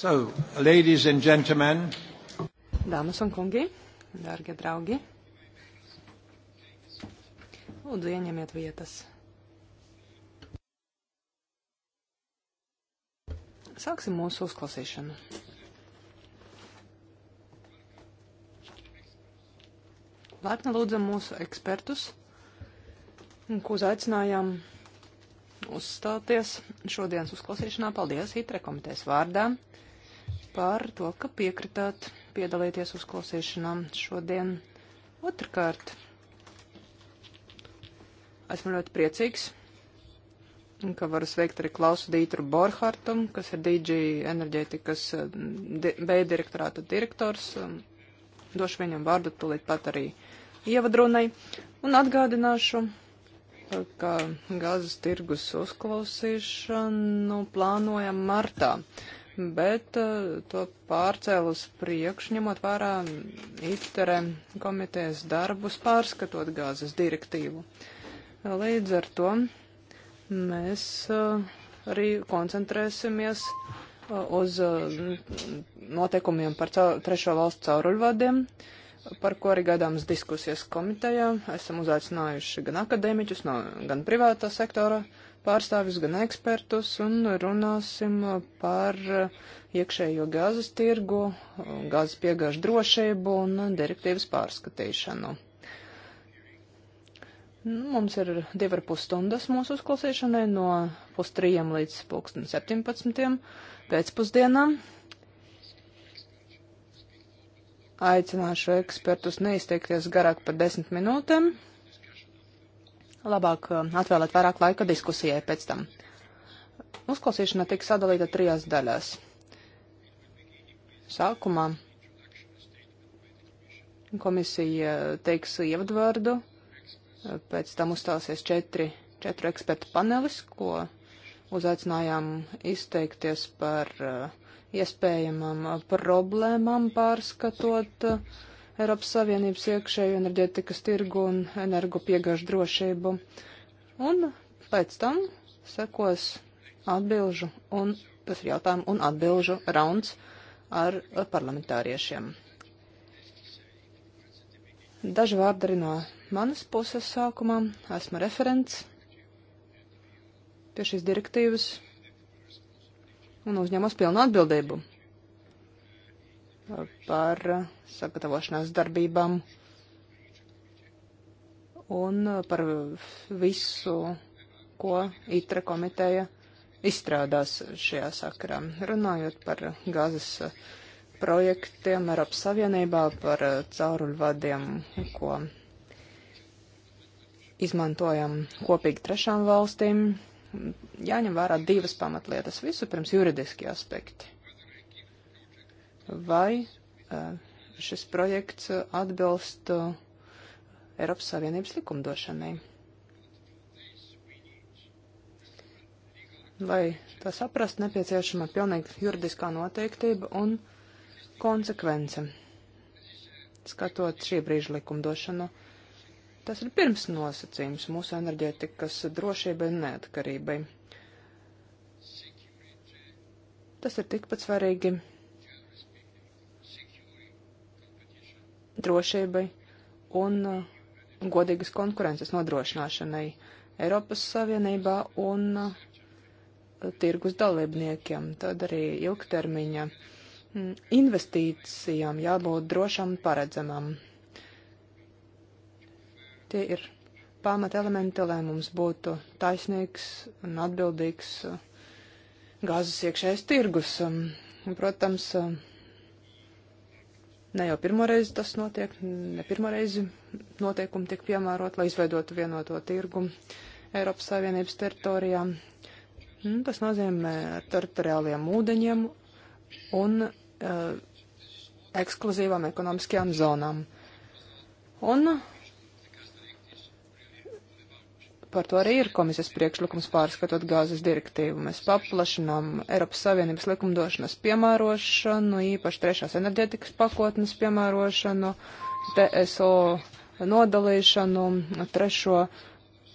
So, ladies and gentlemen. Dāmas un kungi, dārgie draugi. Lūdzu, ieņemiet vietas. Sāksim mūsu uzklausīšanu. Laipni lūdzam mūsu ekspertus, ko uzaicinājām uzstāties šodienas uzklausīšanā. Paldies Itre komitejas vārdā par to, ka piekritāt piedalīties uzklausīšanām šodien. Otrkārt, esmu ļoti priecīgs, ka varu sveikt arī Klausu Dītru Borhartu, kas ir DG enerģētikas eh, di B direktorāta direktors. Um, došu viņam vārdu tūlīt pat arī ievadrunai un atgādināšu, eh, ka gazas tirgus uzklausīšanu plānojam martā. Uh, bet eh, to pārcēlu uz priekšu, ņemot vērā ITERE komitejas darbus, pārskatot gāzes direktīvu. Līdz ar to mēs eh, arī koncentrēsimies eh, uz noteikumiem par trešo valstu cauruļvadiem, par ko arī gaidāmas diskusijas komitejā. Esam uzaicinājuši gan akadēmiķus, no, gan privātā sektora pārstāvis, gan ekspertus, un runāsim uh, par uh, iekšējo gāzes tirgu, uh, gāzes piegāžu drošību un direktīvas pārskatīšanu. Nu, mums ir divi ar pus stundas mūsu uzklausīšanai no pustrījiem līdz pulksten 17. pēcpusdienām. Aicināšu ekspertus neizteikties garāk par desmit minūtēm labāk eh, atvēlēt vairāk laika diskusijai pēc tam. Uzklausīšana tika sadalīta trijās daļās. Sākumā komisija teiks ievadvārdu, eh, pēc tam uzstāsies četri, četru ekspertu panelis, ko uzaicinājām izteikties par eh, iespējamām problēmām pārskatot uh, Eiropas Savienības iekšēju enerģētikas tirgu un energo piegāžu drošību. Un pēc tam sekos atbilžu un, tas ir jautājumu, un atbilžu rauns ar parlamentāriešiem. Daži vārdi arī no manas puses sākumā. Esmu referents pie šīs direktīvas un uzņemos pilnu atbildību par sagatavošanās darbībām un par visu, ko ITRA komiteja izstrādās šajā sakarā. Runājot par gazas projektiem Eiropas Savienībā, par cauruļvadiem, ko izmantojam kopīgi trešām valstīm, jāņem vērā divas pamatlietas. Visu pirms juridiski aspekti vai eh, šis projekts atbilst eh, Eiropas Savienības likumdošanai. Lai tā saprast, nepieciešama pilnīgi juridiskā noteiktība un konsekvence. Skatot šī brīža likumdošanu, tas ir pirms nosacījums mūsu enerģētikas drošībai un neatkarībai. Tas ir tikpat svarīgi drošībai un uh, godīgas konkurences nodrošināšanai Eiropas Savienībā un uh, tirgus dalībniekiem. Tad arī ilgtermiņa mm, investīcijām jābūt drošam paredzamam. Tie ir pamata elementi, lai mums būtu taisnīgs un atbildīgs uh, gāzes iekšējais tirgus. Um, protams, um, Ne jau pirmo reizi tas notiek, ne pirmo reizi noteikumi tiek piemērot, lai izveidotu vienoto tirgu Eiropas Savienības teritorijā. Nu, tas nozīmē teritoriāliem ūdeņiem un uh, ekskluzīvām ekonomiskajām zonām. Un Par to arī ir komisijas priekšlikums pārskatot gāzes direktīvu. Mēs paplašinām Eiropas Savienības likumdošanas piemērošanu, īpaši trešās enerģetikas pakotnes piemērošanu, TSO nodalīšanu, trešo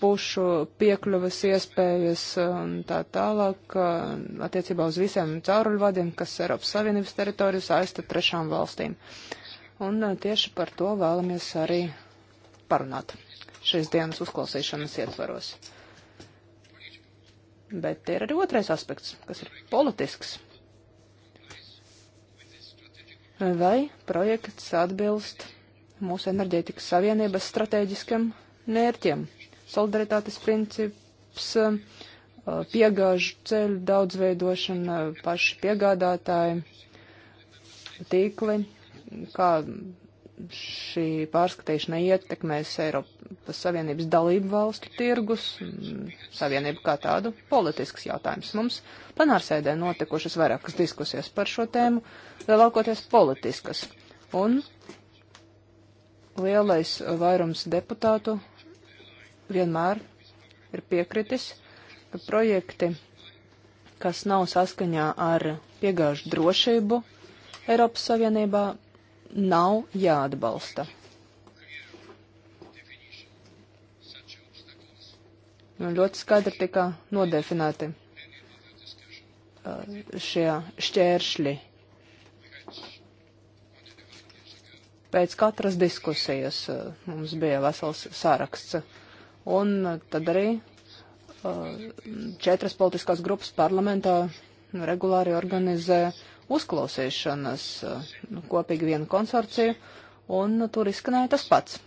pušu piekļuvas iespējas un tā tālāk attiecībā uz visiem cauruļvadiem, kas Eiropas Savienības teritorijas aizta trešām valstīm. Un tieši par to vēlamies arī parunāt šīs dienas uzklausīšanas ietvaros. Bet ir arī otrais aspekts, kas ir politisks. Vai projekts atbilst mūsu enerģētikas savienības strateģiskiem mērķiem? Solidaritātes princips, piegāžu ceļu daudzveidošana, paši piegādātāji, tīkli, kā šī pārskatīšana ietekmēs Eiropas Savienības dalību valstu tirgus, savienību kā tādu politisks jautājums. Mums plenārsēdē notikušas vairākas diskusijas par šo tēmu, lielākoties politiskas. Un lielais vairums deputātu vienmēr ir piekritis, ka projekti, kas nav saskaņā ar piegāžu drošību Eiropas Savienībā, nav jāatbalsta. Nu, ļoti skaidri tika nodefinēti uh, šie šķēršļi pēc katras diskusijas uh, mums bija vesels saraksts. Un uh, tad arī četras politiskās grupas parlamentā regulāri organizē uzklausīšanas eh, nu, kopīgi vienu konsorciju, un tur izskanēja tas pats.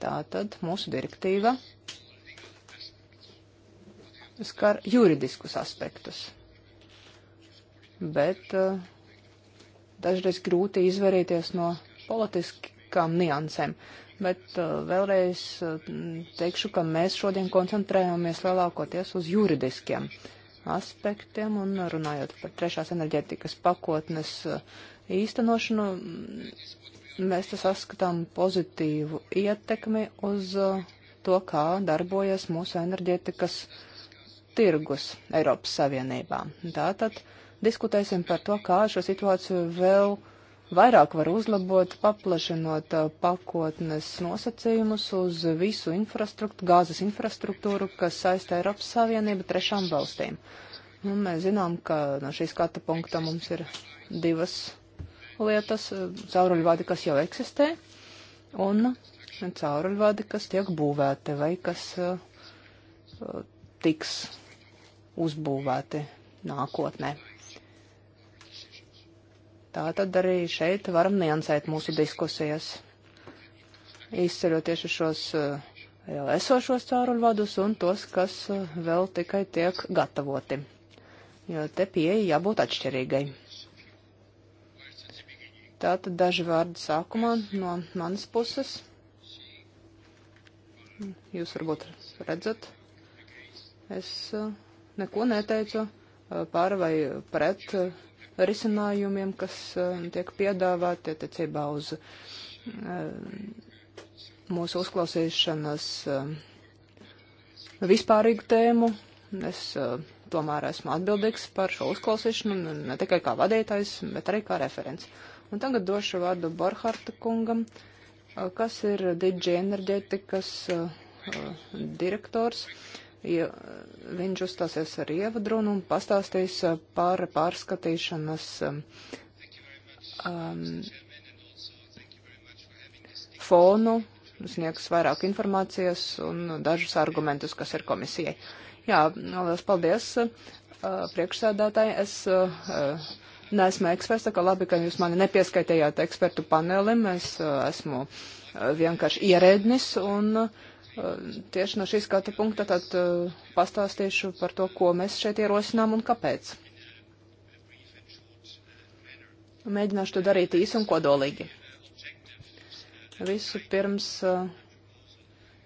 Tātad mūsu direktīva skar juridiskus aspektus, bet eh, dažreiz grūti izvairīties no politiskām niansēm. Bet uh, vēlreiz uh, teikšu, ka mēs šodien koncentrējāmies lielākoties uz juridiskiem aspektiem un runājot par trešās enerģētikas pakotnes eh, īstenošanu, mm, mēs te saskatām pozitīvu ietekmi uz eh, to, kā darbojas mūsu enerģētikas tirgus Eiropas Savienībā. Tātad diskutēsim par to, kā šo situāciju vēl vairāk var uzlabot, paplašinot uh, pakotnes nosacījumus uz visu infrastruktūru, gāzes infrastruktūru, kas saistē Eiropas Savienību trešām valstīm. Nu, mēs zinām, ka no šīs skata punkta mums ir divas lietas uh, - cauruļvadi, kas jau eksistē, un cauruļvadi, kas tiek būvēti vai kas uh, uh tiks uzbūvēti nākotnē. Tā tad arī šeit varam niansēt mūsu diskusijas, izceļoties uz šos eh, jau esošos cauruļvadus un tos, kas eh, vēl tikai tiek gatavoti, jo te pieeja jābūt atšķirīgai. Tātad daži vārdi sākumā no manas puses. Jūs varbūt redzat, es eh, neko neteicu pār vai pret risinājumiem, kas um, tiek piedāvāti attiecībā uz um, mūsu uzklausīšanas um, vispārīgu tēmu. Es tomēr esmu atbildīgs par šo uzklausīšanu, ne tikai kā vadītājs, bet arī kā referents. Un tagad došu vārdu Borharta kungam, uh, kas ir DG enerģētikas uh, uh, direktors. Uh, jo viņš uzstāsies ar ievadrunu un pastāstīs uh, par pārskatīšanas um, um, fonu, sniegs vairāk informācijas un dažus argumentus, kas ir komisijai. Jā, liels paldies uh, priekšsēdētāji. Es uh, uh neesmu eksperts, tā kā labi, ka jūs mani nepieskaitījāt ekspertu panelim. Es uh, esmu uh, vienkārši ierēdnis un uh, Eh, tieši no šīs skatu punkta tad eh, pastāstīšu par to, ko mēs šeit ierosinām un kāpēc. Mēģināšu to darīt īsi un kodolīgi. Visu pirms eh,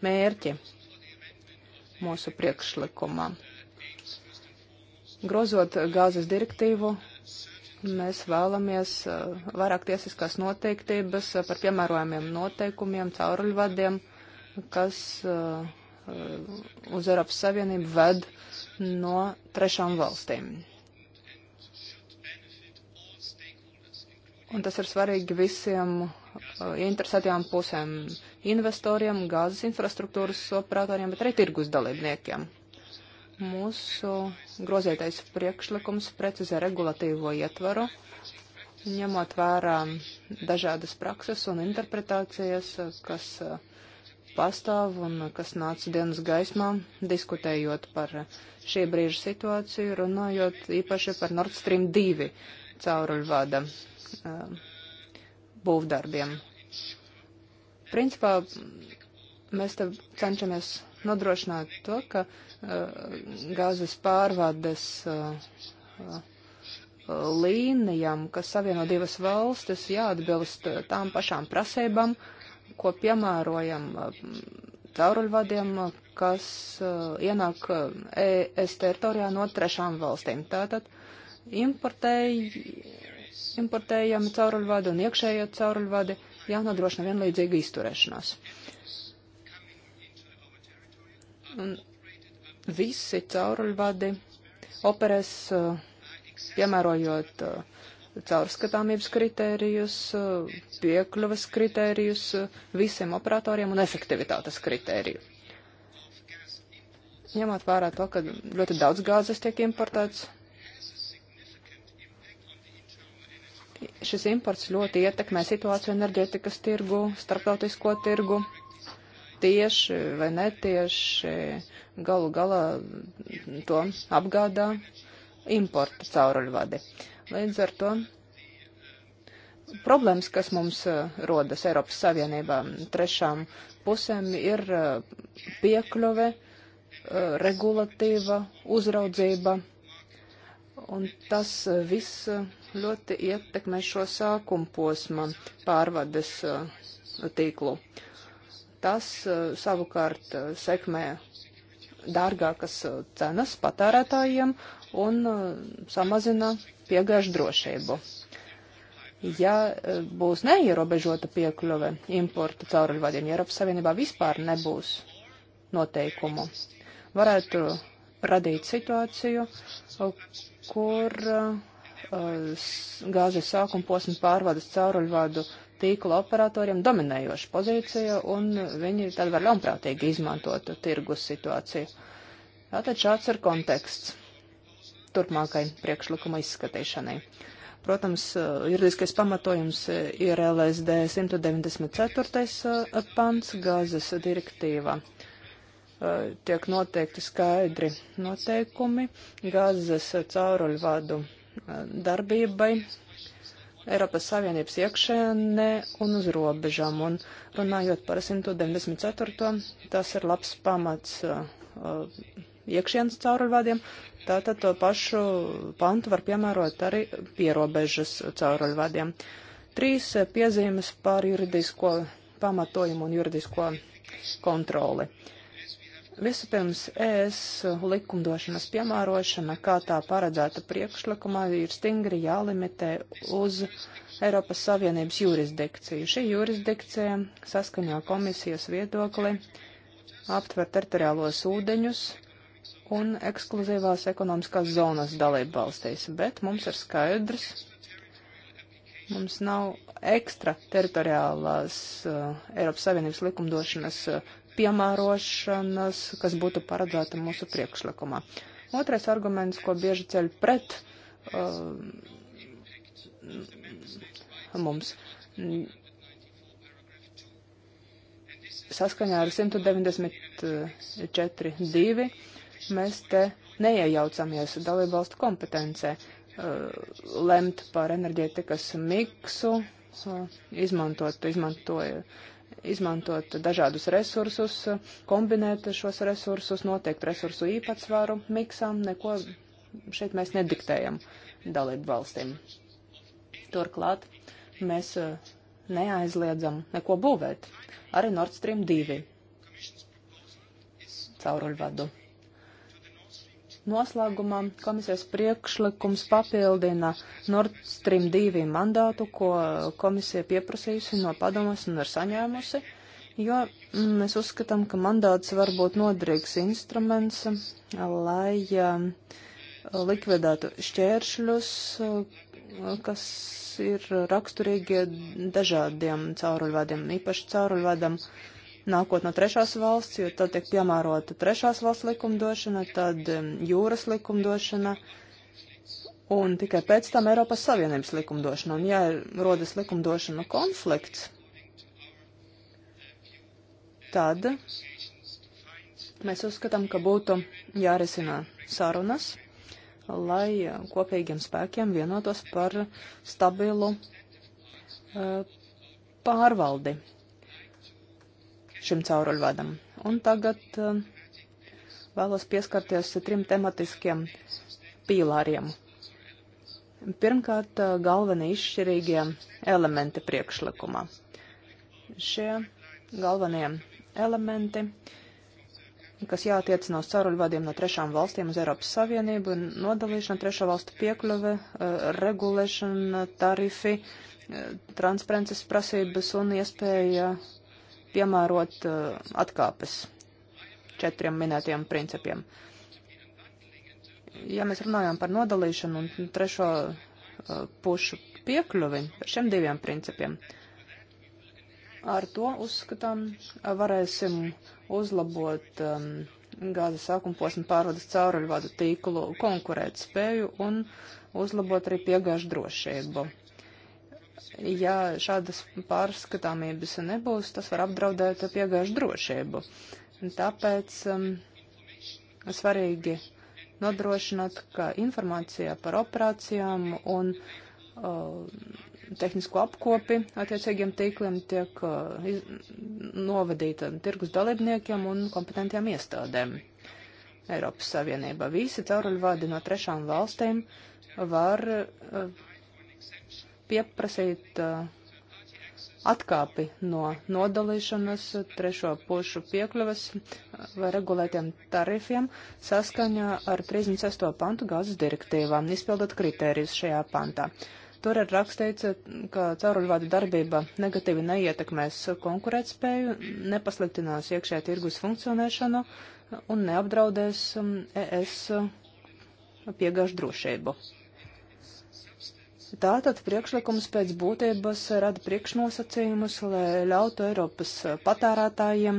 mērķi mūsu priekšlikumā. Grozot gāzes direktīvu, mēs vēlamies vairāk tiesiskās noteiktības par piemērojumiem noteikumiem, cauruļvadiem. vadiem kas uh, uz Eiropas Savienību ved no trešām valstīm. Un tas ir svarīgi visiem uh, interesētajām pusēm - investoriem, gāzes infrastruktūras operatoriem, bet arī tirgus dalībniekiem. Mūsu grozītais priekšlikums precizē regulatīvo ietvaru, ņemot vērā dažādas prakses un interpretācijas, kas uh, pastāv un kas nāca dienas gaismā, diskutējot par šī brīža situāciju, runājot īpaši par Nord Stream 2 cauruļvada uh, būvdarbiem. Principā mēs te cenšamies nodrošināt to, ka uh, gāzes pārvades uh, līnijām, kas savieno divas valstis, jāatbilst tām pašām prasībām, uh, ko piemērojam cauruļvadiem, kas ienāk ES teritorijā no trešām valstīm. Tātad importēj, importējami cauruļvadi un iekšējie cauruļvadi jānodrošina vienlīdzīga izturēšanās. Un visi cauruļvadi operēs piemērojot uh, caurskatāmības kritērijus, piekļuvas kritērijus visiem operatoriem un efektivitātes kritēriju. Ņemot vērā to, ka ļoti daudz gāzes tiek importēts, šis imports ļoti ietekmē situāciju enerģētikas tirgu, starptautisko tirgu, tieši vai netieši galu galā to apgādā importa cauruļvadi. Uh, Līdz ar to problēmas, kas mums uh, rodas Eiropas Savienībā trešām pusēm, ir uh, piekļuve, uh, regulatīva, uzraudzība. Un tas viss ļoti ietekmē šo sākuma posma pārvades tīklu. Tas savukārt sekmē dārgākas cenas patērētājiem un uh, samazina piegāžu drošību. Ja uh, būs neierobežota piekļuve importa cauruļvadiem, ja Eiropas Savienībā vispār nebūs noteikumu, varētu radīt situāciju, kur uh, gāzes sākuma posma pārvades cauruļvadu tīkla operatoriem dominējoša pozīcija, un viņi tad var ļaunprātīgi izmantot tirgus situāciju. Tātad šāds ir konteksts turpmākai priekšlikuma izskatīšanai. Protams, juridiskais pamatojums ir LSD 194. pants gāzes direktīvā. Tiek noteikti skaidri noteikumi gāzes cauruļvadu darbībai Eiropas Savienības iekšēnē un uz robežām. Un runājot par 194. tas ir labs pamats iekšienas cauruļvadiem, tātad to pašu pantu var piemērot arī pierobežas cauruļvadiem. Trīs piezīmes par juridisko pamatojumu un juridisko kontroli. Vispirms ES likumdošanas piemērošana, kā tā paredzēta priekšlikumā, ir stingri jālimitē uz Eiropas Savienības jurisdikciju. Šī jurisdikcija saskaņā komisijas viedokli aptver teritoriālos ūdeņus, un ekskluzīvās ekonomiskās zonas dalību valstīs, bet mums ir skaidrs, mums nav ekstrateritoriālās uh, Eiropas Savienības likumdošanas uh, piemērošanas, kas būtu paredzēta mūsu priekšlikumā. Otrais arguments, ko bieži ceļ pret uh, mums. Saskaņā ar 194.2 Mēs te neiejaucamies dalību valstu kompetencē uh, lemt par enerģētikas miksu, uh, izmantot, izmantoja, izmantot dažādus resursus, kombinēt šos resursus, noteikt resursu īpatsvaru miksam, neko šeit mēs nediktējam dalību valstīm. Turklāt mēs uh, neaizliedzam neko būvēt, arī Nord Stream 2 cauruļvadu. Noslēgumā komisijas priekšlikums papildina Nord Stream 2 mandātu, ko komisija pieprasījusi no padomas un ir saņēmusi, jo mēs uzskatām, ka mandāts var būt noderīgs instruments, lai um, likvidētu šķēršļus, uh, kas ir raksturīgi dažādiem cauruļvadiem, īpaši cauruļvadam. Uh, nākot no trešās valsts, jo tad tiek piemērota trešās valsts likumdošana, tad um, jūras likumdošana un tikai pēc tam Eiropas Savienības likumdošana. Un ja rodas likumdošana konflikts, tad mēs uzskatām, ka būtu jārisina sarunas, lai uh, kopīgiem spēkiem vienotos par stabilu uh, pārvaldi šim cauruļvadam. Un tagad eh, vēlos pieskarties trim tematiskiem pīlāriem. Pirmkārt, eh, galvenie izšķirīgie elementi priekšlikumā. Šie galvenie elementi kas jātiecina uz caruļvadiem no trešām valstīm uz Eiropas Savienību, nodalīšana, trešo valstu piekļuve, eh, regulēšana, tarifi, transparences prasības un iespēja piemērot eh, atkāpes četriem minētajiem principiem. Ja mēs runājam par nodalīšanu un trešo eh, pušu piekļuvi par šiem diviem principiem, ar to uzskatām eh, varēsim uzlabot um, gāzes sākuma posma pārvades cauruļvadu tīklu konkurēt spēju un uzlabot arī piegāžu drošību. Ja šādas pārskatāmības nebūs, tas var apdraudēt piegāžu drošību. Tāpēc um, svarīgi nodrošināt, ka informācija par operācijām un uh, tehnisko apkopi attiecīgiem tīkliem tiek uh, iz, novadīta tirgus dalībniekiem un kompetentiem iestādēm. Eiropas Savienībā visi cauruļvadi no trešām valstīm var uh, pieprasīt uh, atkāpi no nodalīšanas trešo pušu piekļuvas uh, vai regulētiem tarifiem saskaņā ar 36. pantu gāzes direktīvām, izpildot kritērijus šajā pantā. Tur ir rakstīts, uh, ka cauruļvāda darbība negatīvi neietekmēs konkurētspēju, nepasliktinās iekšē tirgus funkcionēšanu un neapdraudēs um, ES piegāžu drošību. Tātad priekšlikums pēc būtības rada priekšnosacījumus, lai ļautu Eiropas patērētājiem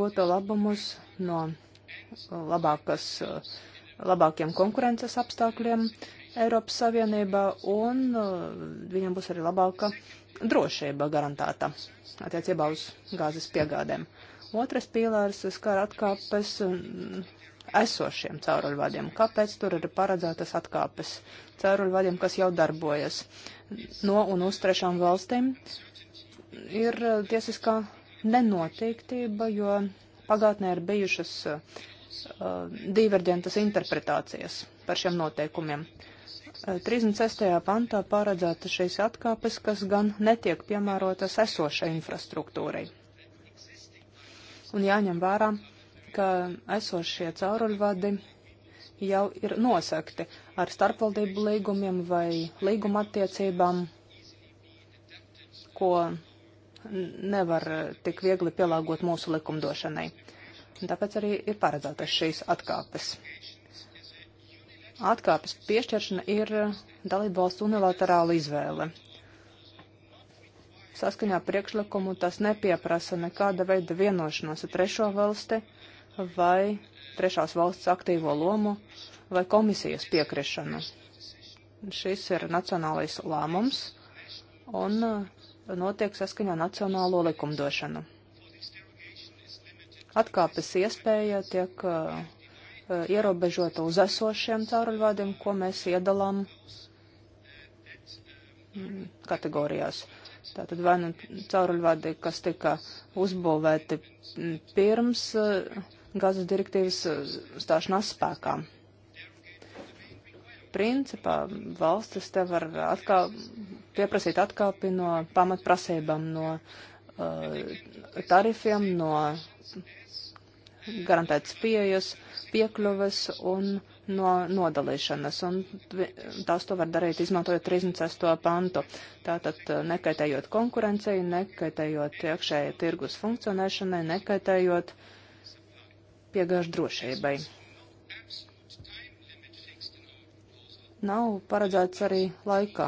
gūt labumus no uh, labākas, uh, labākiem konkurences apstākļiem Eiropas Savienībā, un uh, viņiem būs arī labāka drošība garantēta attiecībā uz gāzes piegādēm. Otrais pīlārs skar atkāpes esošiem cauruļvadiem. Kāpēc tur ir paredzētas atkāpes cauruļvadiem, kas jau darbojas no un uz trešām valstīm? Ir eh, tiesiskā nenoteiktība, jo pagātnē ir bijušas uh, diverģentas interpretācijas par šiem noteikumiem. 36. Eh, pantā paredzēta šīs atkāpes, kas gan netiek piemērotas esošai infrastruktūrai. Un jāņem vērā, ka esošie cauruļvadi jau ir nosakti ar starpvaldību līgumiem vai līguma attiecībām, ko nevar tik viegli pielāgot mūsu likumdošanai. Tāpēc arī ir paredzētas šīs atkāpes. Atkāpes piešķiršana ir dalību valstu unilaterāla izvēle. Saskaņā priekšlikumu tas nepieprasa nekāda veida vienošanos ar trešo valsti vai trešās valsts aktīvo lomu vai komisijas piekrišanu. Šis ir nacionālais lēmums un uh, notiek saskaņā nacionālo likumdošanu. Atkāpes iespēja tiek uh, uh ierobežota uz esošiem cauruļvādiem, ko mēs iedalām mm, kategorijās. Tātad vai nu cauruļvādi, kas tika uzbūvēti mm, pirms uh, gazas direktīvas uh, stāšanās spēkā. Principā valstis te var atkā, pieprasīt atkāpi no pamatprasībām, no uh, tarifiem, no garantētas pieejas, piekļuves un no nodalīšanas. Un tās to var darīt, izmantojot 36. pantu. Tātad uh, nekaitējot konkurencei, nekaitējot iekšējai tirgus funkcionēšanai, nekaitējot uh, piegāžu drošībai. Nav paredzēts arī laika,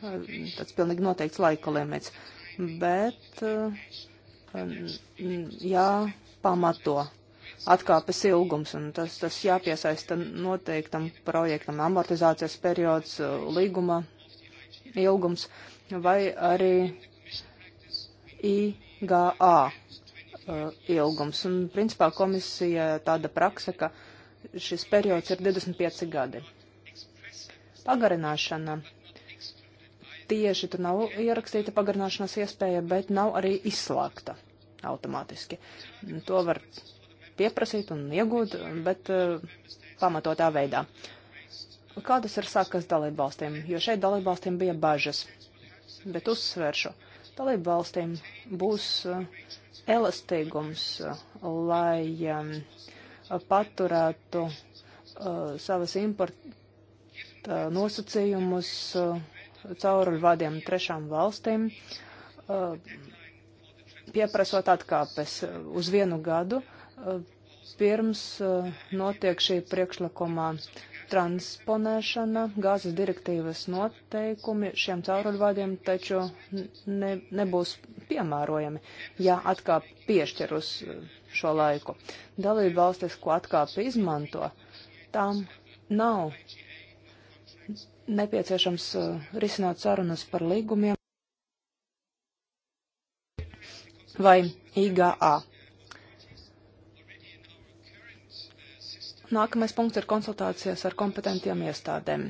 tāds pilnīgi noteikts laika limits, bet eh, jāpamato atkāpes ilgums, un tas, tas jāpiesaista noteiktam projektam amortizācijas periods, līguma ilgums vai arī IGA Uh, ilgums. Un, principā, komisija tāda praksa, ka šis periods ir 25 gadi. Pagarināšana. Tieši tur nav ierakstīta pagarināšanas iespēja, bet nav arī izslēgta automātiski. To var pieprasīt un iegūt, bet uh, pamatotā veidā. Kādas ir sakas dalībvalstīm? Jo šeit dalībvalstīm bija bažas, bet uzsveršu dalību valstīm būs eh, elastīgums, eh, lai paturētu eh, savas importa nosacījumus cauruļu vadiem trešām valstīm, pieprasot atkāpes uz vienu gadu pirms notiek šī priekšlikumā transponēšana, gāzes direktīvas noteikumi šiem cauruļvadiem taču ne, nebūs piemērojami, ja atkāp piešķir uz šo laiku. Dalība valstis, ko atkāpi izmanto, tām nav nepieciešams uh, risināt sarunas par līgumiem vai IGA. Nākamais punkts ir konsultācijas ar kompetentiem iestādēm.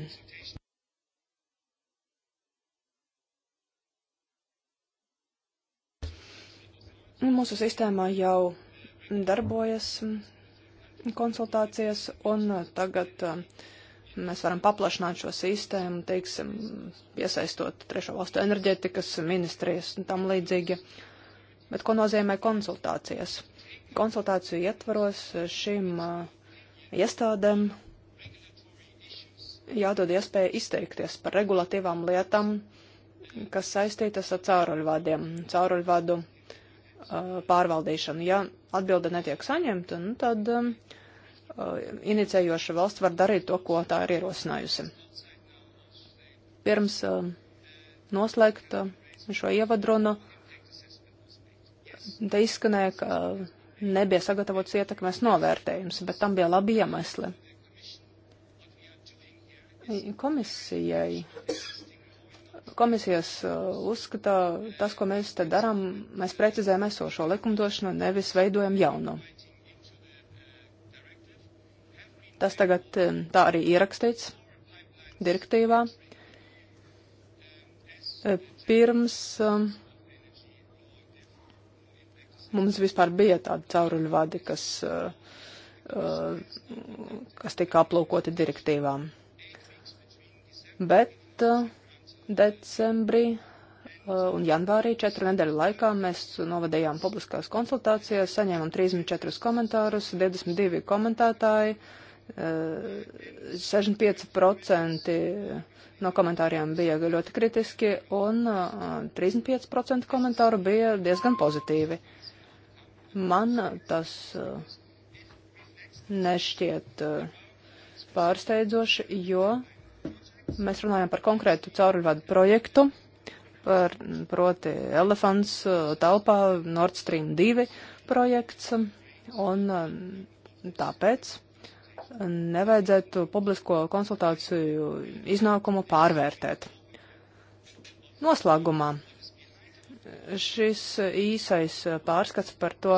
Mūsu sistēmā jau darbojas konsultācijas, un tagad um, mēs varam paplašināt šo sistēmu, teiksim, piesaistot trešo valstu enerģetikas ministrijas un tam līdzīgi. Bet ko nozīmē konsultācijas? Konsultāciju ietvaros šim uh, iestādēm jādod iespēja izteikties par regulatīvām lietām, kas saistītas ar cauruļvadiem, cauruļvadu uh, pārvaldīšanu. Ja atbilde netiek saņemta, nu, tad uh, inicējoša valsts var darīt to, ko tā ir ierosinājusi. Pirms uh, noslēgt šo ievadrunu, te izskanēja, ka nebija sagatavots ietekmes novērtējums, bet tam bija labi iemesli. Komisijai, komisijas uh, uzskata, tas, ko mēs te darām, mēs precizējam esošo likumdošanu, nevis veidojam jaunu. Tas tagad um, tā arī ierakstīts direktīvā. Uh, pirms um, Mums vispār bija tādi cauruļvadi, kas, uh, uh, kas tika aplūkoti direktīvām. Bet uh, decembrī un janvārī četru nedēļu laikā mēs novadījām publiskās konsultācijas, saņēmām 34 komentārus, 22 komentētāji, 65% no komentāriem bija ļoti kritiski un 35% komentāru bija diezgan pozitīvi. Man tas eh, nešķiet eh, pārsteidzoši, jo mēs runājam par konkrētu cauruļvadu projektu, par, proti Elefants eh, telpā Nord Stream 2 projekts, un tāpēc nevajadzētu publisko konsultāciju iznākumu pārvērtēt. Noslēgumā šis īsais pārskats par to,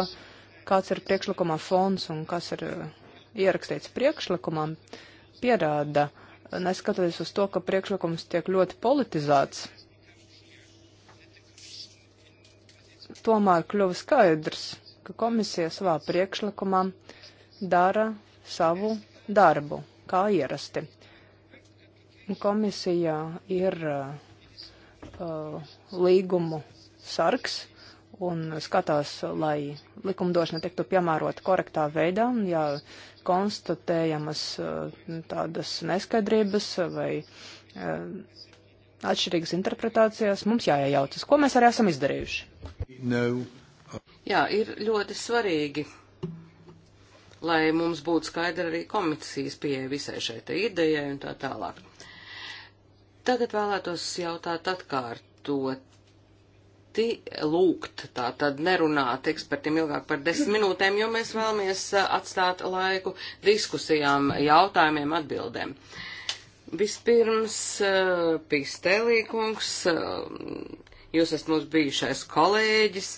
kāds ir priekšlikumā fonds un kas ir uh, ierakstīts priekšlikumam, pierāda, neskatoties uz to, ka priekšlikums tiek ļoti politizēts, tomēr kļuva skaidrs, ka komisija savā priekšlikumā dara savu darbu, kā ierasti. Komisija ir uh, uh līgumu sargs un skatās, lai likumdošana tiktu piemērota korektā veidā, ja konstatējamas eh, tādas neskaidrības vai eh, atšķirīgas interpretācijas, mums jāiejaucas, ko mēs arī esam izdarījuši. No. Jā, ir ļoti svarīgi, lai mums būtu skaidra arī komisijas pieeja visai šai te idejai un tā tālāk. Tagad vēlētos jautāt atkārtot ļoti lūgt, tā tad nerunāt ekspertiem ilgāk par desmit minūtēm, jo mēs vēlamies eh, atstāt laiku diskusijām, jautājumiem, atbildēm. Vispirms, eh, Pīstēlīkungs, eh, jūs esat mūsu bijušais kolēģis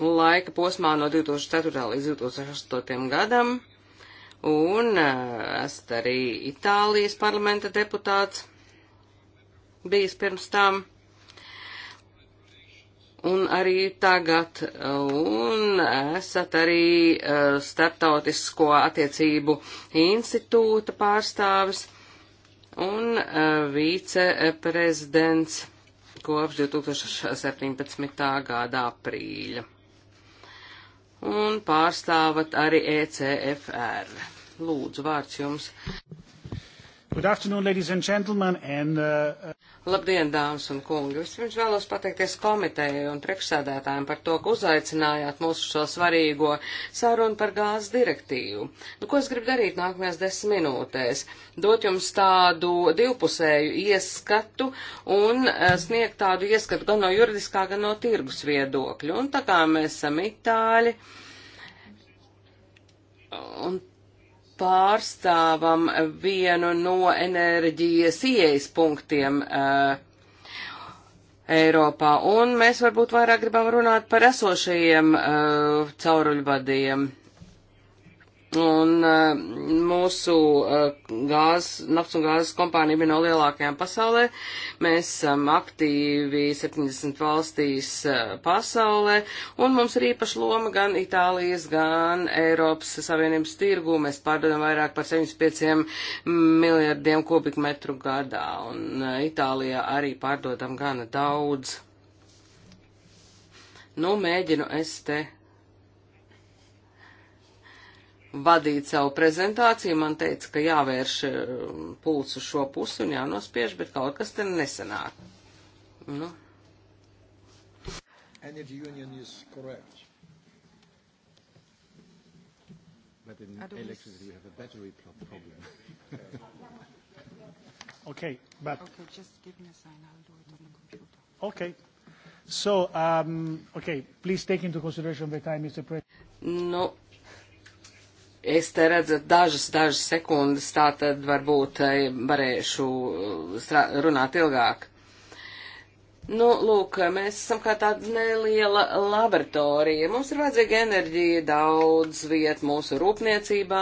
laika posmā no 2004. līdz 2008. gadam, un esat arī Itālijas parlamenta deputāts bijis pirms tam. Un arī tagad, un esat arī uh, starptautisko attiecību institūta pārstāvis un uh, viceprezidents kopš 2017. gada aprīļa. Un pārstāvat arī ECFR. Lūdzu, vārds jums. Good afternoon, ladies and gentlemen, and... Uh, uh, Labdien, dāmas un kungi! Vispirms vēlos pateikties komitejai un priekšsēdētājiem par to, ka uzaicinājāt mūsu šo svarīgo sarunu par gāzes direktīvu. Nu, ko es gribu darīt nākamajās desmit minūtēs? Dot jums tādu divpusēju ieskatu un uh, sniegt tādu ieskatu gan no juridiskā, gan no tirgus viedokļa. Un tā kā mēs esam itāļi, un pārstāvam vienu no enerģijas ieejas punktiem uh, Eiropā, un mēs varbūt vairāk gribam runāt par esošajiem uh, eh, cauruļvadiem. Un uh, mūsu uh, gāzes, nafts un gāzes kompānija bija no lielākajām pasaulē. Mēs esam um, aktīvi 70 valstīs uh, pasaulē, un mums ir īpaša loma gan Itālijas, gan Eiropas Savienības tirgū. Mēs pārdodam vairāk par 75 miljardiem kubikmetru gadā, un uh, Itālijā arī pārdodam gana daudz. Nu, mēģinu es te vadīt savu prezentāciju, man teica, ka jāvērš eh, pulcu šo pusi un jānospiež, bet kaut kas te nesenāk. Nu. Energy union is correct. But in electricity we have a battery problem. okay, but... Okay, just give me a sign. I'll do it on the computer. Okay. So, um, okay, please take into consideration the time, Mr. President. No, nu, Es te redzu dažas, dažas sekundes, tā tad varbūt eh, varēšu eh, runāt ilgāk. Nu, lūk, mēs esam kā tāda neliela laboratorija. Mums ir vajadzīga enerģija, daudz viet mūsu rūpniecībā,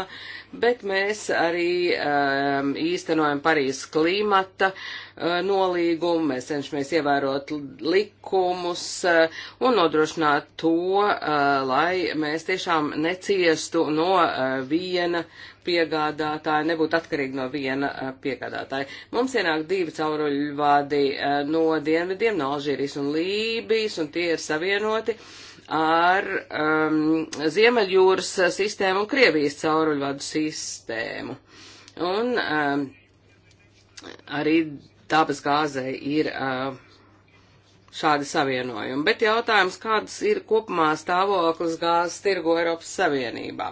bet mēs arī um, īstenojam Parīzes klimata uh, Eh, nolīgumu, mēs cenšamies ievērot likumus eh, un nodrošināt to, eh, lai mēs tiešām neciestu no viena piegādātāja, nebūtu atkarīgi no viena piegādātāja. Mums ienāk divi cauruļvādi no dienvidiem, no Alžīrijas un Lībijas, un tie ir savienoti ar um, Ziemeļjūras sistēmu un Krievijas cauruļvadu sistēmu. Un um, arī dabas gāzei ir uh, šādi savienojumi. Bet jautājums, kādas ir kopumā stāvoklis gāzes tirgo Eiropas Savienībā?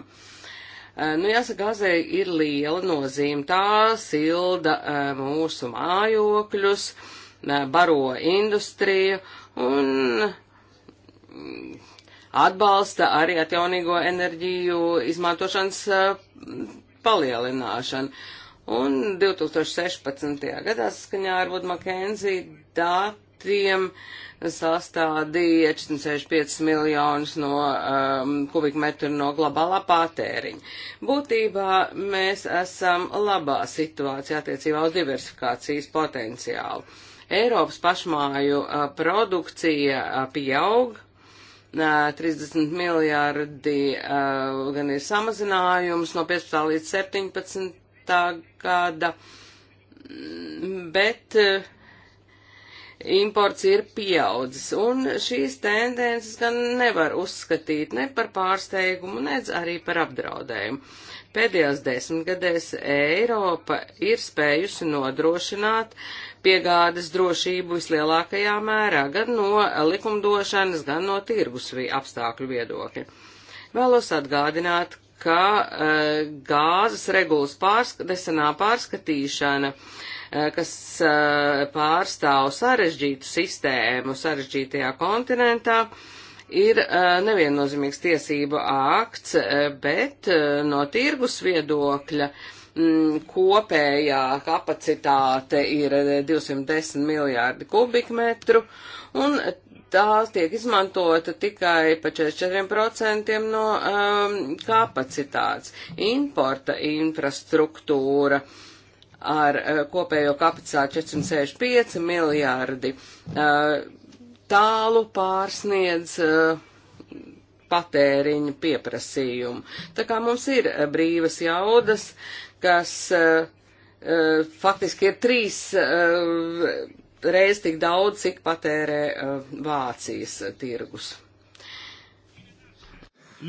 Uh, nu, jāsaka, gāzei ir liela nozīme. Tā silda uh, mūsu mājokļus, uh, baro industriju un mm, atbalsta arī atjaunīgo enerģiju izmantošanas uh, palielināšanu. Un 2016. gadā skaņā ar Vudu Makenziju datiem sastādīja 465 miljonus no um, kubikmetru no globālā patēriņa. Būtībā mēs esam labā situācijā attiecībā uz diversifikācijas potenciālu. Eiropas pašmāju uh, produkcija uh, pieaug, 30 miljārdi uh, gan ir samazinājums no 15 līdz 17 gada, bet eh, imports ir pieaudzis, un šīs tendences gan nevar uzskatīt ne par pārsteigumu, nedz arī par apdraudējumu. Pēdējās desmitgadēs Eiropa ir spējusi nodrošināt piegādes drošību vislielākajā mērā, gan no likumdošanas, gan no tirgus apstākļu viedokļa. Vēlos atgādināt, ka eh, gāzes regulas pārsk desenā pārskatīšana, eh, kas eh, pārstāv sarežģītu sistēmu sarežģītajā kontinentā, ir neviennozīmīgs tiesību akts, bet no tirgus viedokļa mm, kopējā kapacitāte ir 210 miljārdi kubikmetru, un tās tiek izmantota tikai pa 44% no um, kapacitātes. Importa infrastruktūra ar uh, kopējo kapacitāti 465 miljārdi uh, tālu pārsniedz uh, patēriņu pieprasījumu. Tā kā mums ir uh, brīvas jaudas, kas uh, uh, faktiski ir trīs uh, reiz tik daudz, cik patērē uh, Vācijas tirgus. E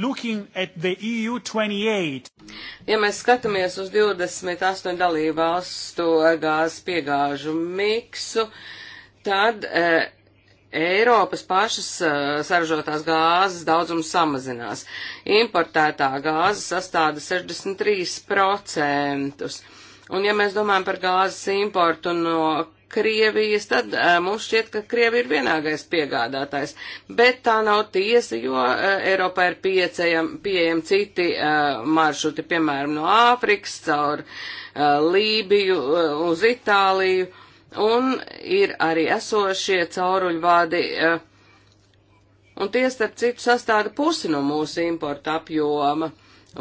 ja mēs skatāmies uz 28 dalību valstu gāzes piegāžu miksu, tad e, Eiropas pašas e, saražotās gāzes daudzums samazinās. Importētā gāze sastāda 63%. Un ja mēs domājam par gāzes importu no Krievijas, tad mums šķiet, ka Krievija ir vienīgais piegādātājs. Bet tā nav tiesa, jo Eiropā ir pieejami citi maršruti, piemēram, no Āfrikas caur Lībiju uz Itāliju, un ir arī esošie cauruļvādi. Un tie, starp citu, sastāda pusi no mūsu importa apjoma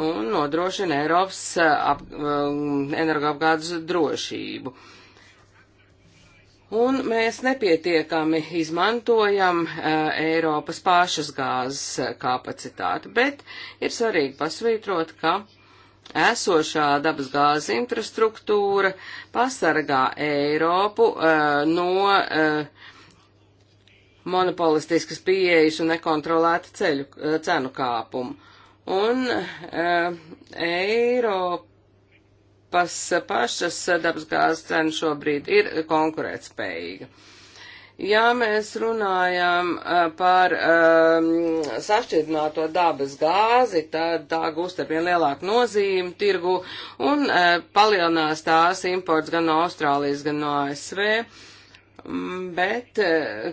un nodrošina Eiropas ap, energoapgādes drošību. Uh, un mēs nepietiekami izmantojam uh, Eiropas pašas gāzes eh, kapacitāti, bet ir svarīgi pasvītrot, ka esošā dabas gāzes infrastruktūra pasargā Eiropu uh, no uh, monopolistiskas pieejas un nekontrolēta ceļu, cenu kāpumu. Un uh, Eiropa Eiropas pašas dabasgāzes cena šobrīd ir konkurētspējīga. Ja mēs runājam par um, sašķidrināto dabas gāzi, tad tā gūst ar vien lielāku nozīmi tirgu un uh, palielinās tās imports gan no Austrālijas, gan no ASV. Mm, bet uh,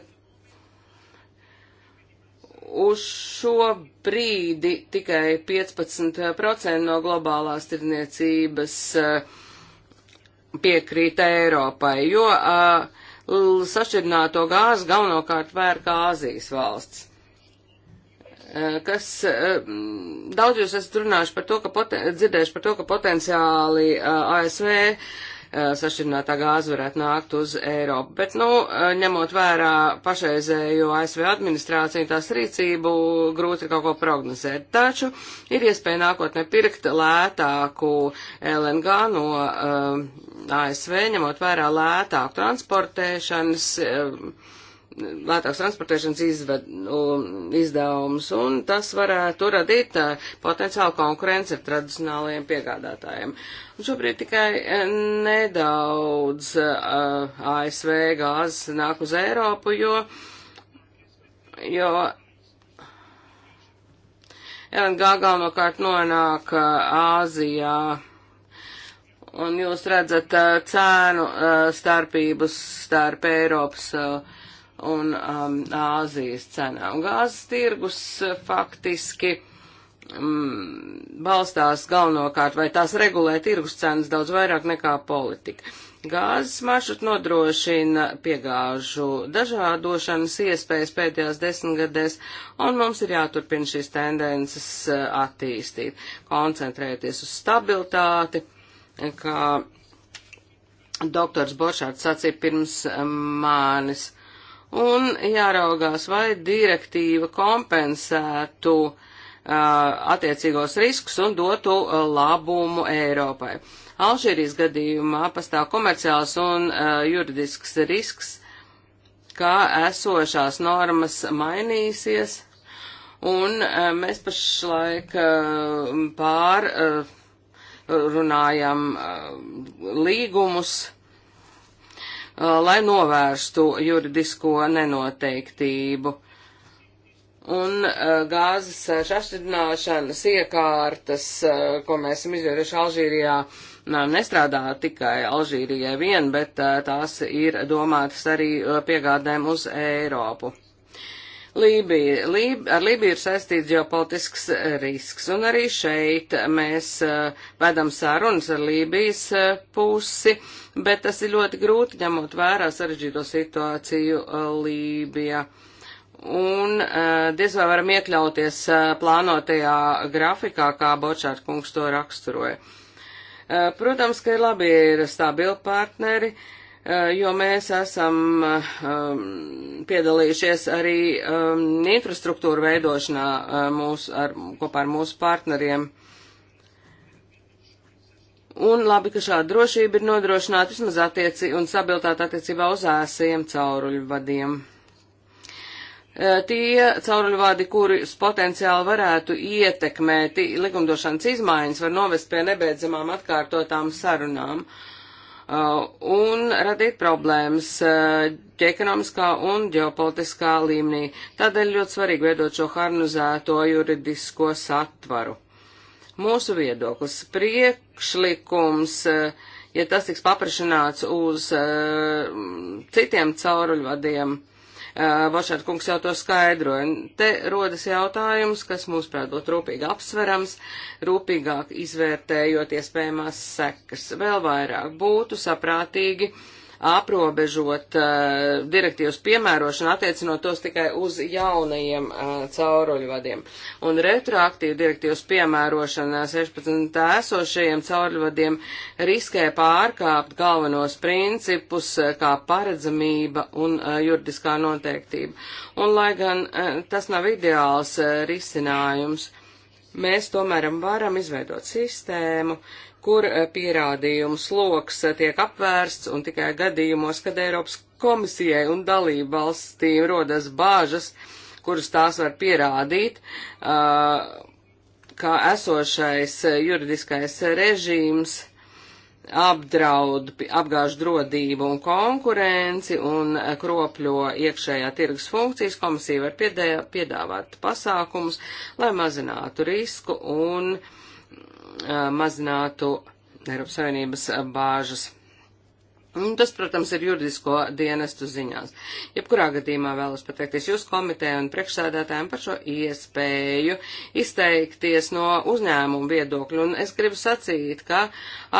uz šo brīdi tikai 15% no globālās tirniecības eh, piekrīt Eiropai, jo eh, sašķirināto gāzi galvenokārt vērk Āzijas valsts. Eh, kas daudz jūs esat runājuši par to, ka poten, dzirdējuši par to, ka potenciāli ASV sašķirinātā gāze varētu nākt uz Eiropu. Bet, nu, ņemot vērā pašreizējo ASV administrāciju un tās rīcību, grūti ir kaut ko prognozēt. Taču ir iespēja nākotnē pirkt lētāku LNG no uh, ASV, ņemot vērā lētāku transportēšanas. Uh, lētāks transportēšanas izved, um, izdevums, un tas varētu radīt uh, potenciālu konkurenci ar tradicionālajiem piegādātājiem. Un šobrīd tikai eh, nedaudz uh, ASV gāzes nāk uz Eiropu, jo, jo LNG galvenokārt nonāk uh, Āzijā. Uh, un jūs redzat uh, cēnu uh, starpības starp Eiropas uh, un um, Āzijas cenām. Gāzes tirgus uh, faktiski mm, balstās galvenokārt, vai tās regulē tirgus cenas daudz vairāk nekā politika. Gāzes maršruts nodrošina piegāžu dažādošanas iespējas pēdējās desmitgadēs, un mums ir jāturpina šīs tendences uh, attīstīt, koncentrēties uz stabilitāti, kā doktors Boršāts sacīja pirms uh, manis un jāraugās, vai direktīva kompensētu uh, attiecīgos riskus un dotu uh, labumu Eiropai. Alžīrijas gadījumā pastāv komerciāls un uh, juridisks risks, kā esošās normas mainīsies, un mēs pašlaik pār runājam līgumus, Uh, lai novērstu juridisko nenoteiktību. Un uh, gāzes uh, šašķidināšanas iekārtas, ko mēs esam izvietojuši Alžīrijā, nestrādā tikai Alžīrijai vien, bet tās ir domātas arī piegādēm uz Eiropu. Lībija. Līb, ar Lībiju ir saistīts ģeopolitisks risks, un arī šeit mēs uh, vedam sarunas ar Lībijas uh, pusi, bet tas ir ļoti grūti ņemot vērā sarežģīto situāciju uh, Lībijā. Un uh, diez vai varam iekļauties uh, plānotajā grafikā, kā Bočārt kungs to raksturoja. Uh, protams, ka ir labi ir stabili partneri, uh, Eh, jo mēs esam eh, um, piedalījušies arī um, infrastruktūra veidošanā eh, mūs, ar, kopā ar mūsu partneriem. Un labi, ka šāda drošība ir nodrošināta vismaz attieci un stabilitāte attiecībā uz ēsiem cauruļvadiem. E, tie cauruļvadi, kurus potenciāli varētu ietekmēt likumdošanas izmaiņas, var novest pie nebeidzamām atkārtotām sarunām. Uh, Uh, un radīt problēmas uh, ekonomiskā un ģeopolitiskā līmenī. Tādēļ ļoti svarīgi veidot šo harmonizēto juridisko satvaru. Mūsu viedoklis priekšlikums, uh, ja tas tiks paprašināts uz citiem cauruļvadiem, uh, Eh, Vašar kungs jau to skaidroja. Te rodas jautājums, kas mūsuprāt būtu rūpīgi apsverams, rūpīgāk izvērtējot iespējamās sekas. Vēl vairāk būtu saprātīgi uh, aprobežot uh, direktīvas piemērošanu, attiecinot tos tikai uz jaunajiem uh, cauruļvadiem. Un retroaktīva direktīvas piemērošana 16. esošajiem cauruļvadiem riskē pārkāpt galvenos principus uh, kā paredzamība un uh, juridiskā noteiktība. Un lai gan uh, tas nav ideāls uh, risinājums, mēs tomēr varam izveidot sistēmu, uh, kur eh, pierādījumu sloks eh, tiek apvērsts un tikai gadījumos, kad Eiropas komisijai un dalību valstīm rodas bāžas, kuras tās var pierādīt, eh, kā esošais juridiskais režīms apdraud, apgāž drodību un konkurenci un kropļo iekšējā tirgus funkcijas, komisija var piedāvāt pasākumus, lai mazinātu risku un uh, mazinātu Eiropas Savienības bāžas. Un tas, protams, ir juridisko dienestu ziņās. Jebkurā gadījumā vēlos pateikties jūsu komiteju un priekšsēdētājiem par šo iespēju izteikties no uzņēmumu viedokļu. Un es gribu sacīt, ka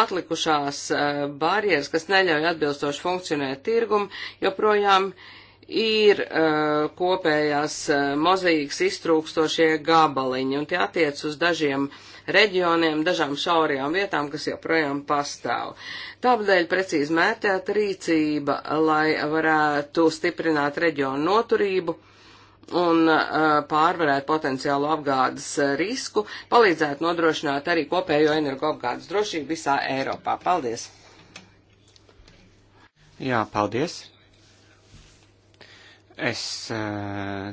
atlikušās barjeras, kas neļauj atbilstoši funkcionēt tirgumu, joprojām ir ir uh, kopējās uh, eh, mozaīkas iztrūkstošie gabaliņi, un tie attiec uz dažiem reģioniem, dažām šaurajām vietām, kas joprojām pastāv. Tādēļ precīzi mērķēta rīcība, lai varētu stiprināt reģionu noturību un uh, pārvarēt potenciālu apgādes risku, palīdzētu nodrošināt arī kopējo energoapgādes drošību visā Eiropā. Paldies! Jā, paldies! Es eh,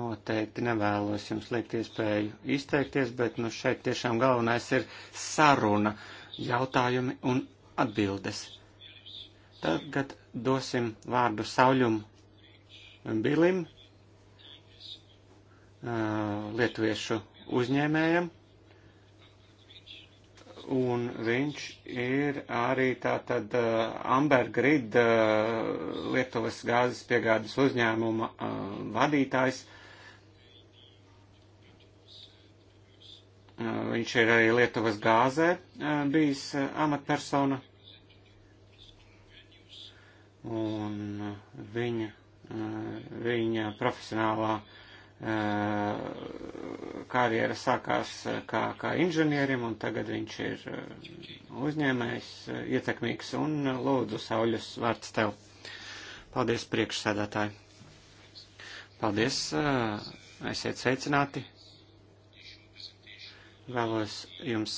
noteikti nevēlos jums liekt iespēju izteikties, bet nu, šeit tiešām galvenais ir saruna, jautājumi un atbildes. Tagad dosim vārdu Sauļum Bilim, eh, lietuviešu uzņēmējam un viņš ir arī tātad eh, Amber Grid eh, Lietuvas gāzes piegādes uzņēmuma eh, vadītājs. Viņš ir arī Lietuvas gāzē bijis amatpersona. Un viņa, viņa profesionālā uh, Eh, karjera sākās eh, kā, kā inženierim, un tagad viņš ir eh, uzņēmējs, ietekmīgs, un lūdzu sauļus vārds tev. Paldies, priekšsēdētāji. Paldies, esiet sveicināti. Vēlos jums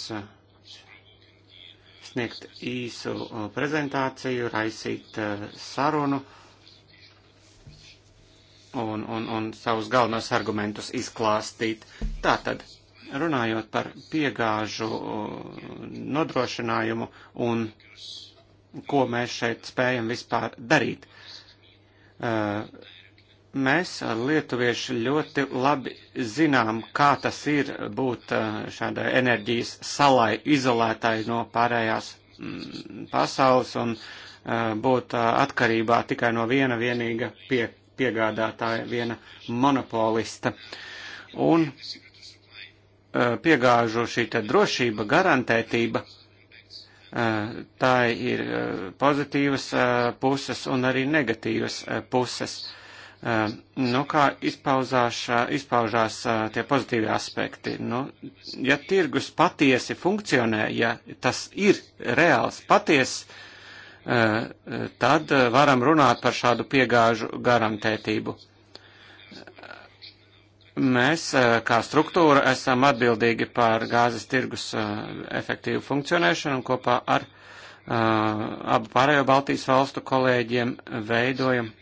sniegt īsu prezentāciju, raisīt sarunu un, un, un savus galvenos argumentus izklāstīt. Tātad, runājot par piegāžu uh, nodrošinājumu un ko mēs šeit spējam vispār darīt. Uh, mēs, uh, lietuvieši, ļoti labi zinām, kā tas ir būt šādai enerģijas salai izolētai no pārējās mm, pasaules un būt atkarībā tikai no viena vienīga pie piegādātāja, viena monopolista. Un e, piegāžu šī drošība, garantētība, e, tā ir e, pozitīvas puses un arī negatīvas puses. Nu, kā izpaužās tie pozitīvi aspekti? Nu, ja tirgus patiesi funkcionē, ja tas ir reāls, patiesi, tad varam runāt par šādu piegāžu garantētību. Mēs, eh, kā struktūra, esam atbildīgi par gāzes tirgus eh, efektīvu funkcionēšanu un kopā ar eh, abu pārējo Baltijas valstu kolēģiem veidojam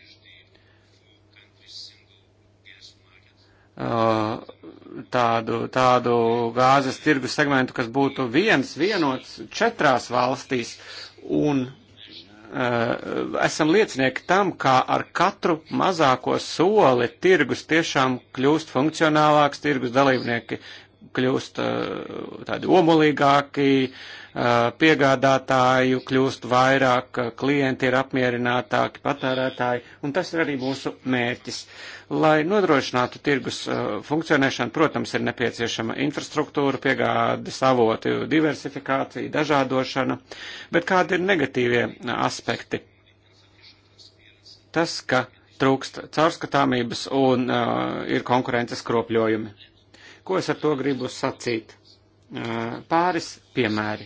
tādu, tādu gāzes tirgus segmentu, kas būtu viens vienots četrās valstīs un Eh, esam liecinieki tam, kā ar katru mazāko soli tirgus tiešām kļūst funkcionālāks, tirgus dalībnieki kļūst eh, tādi omulīgāki, eh, piegādātāju kļūst vairāk, klienti ir apmierinātāki, patērētāji, un tas ir arī mūsu mērķis. Uh, Lai nodrošinātu tirgus uh, funkcionēšanu, protams, ir nepieciešama infrastruktūra, piegāde, savoti, diversifikācija, dažādošana, bet kādi ir negatīvie uh, aspekti? Tas, ka trūkst caurskatāmības un uh, ir konkurences kropļojumi. Ko es ar to gribu sacīt? Uh, pāris piemēri.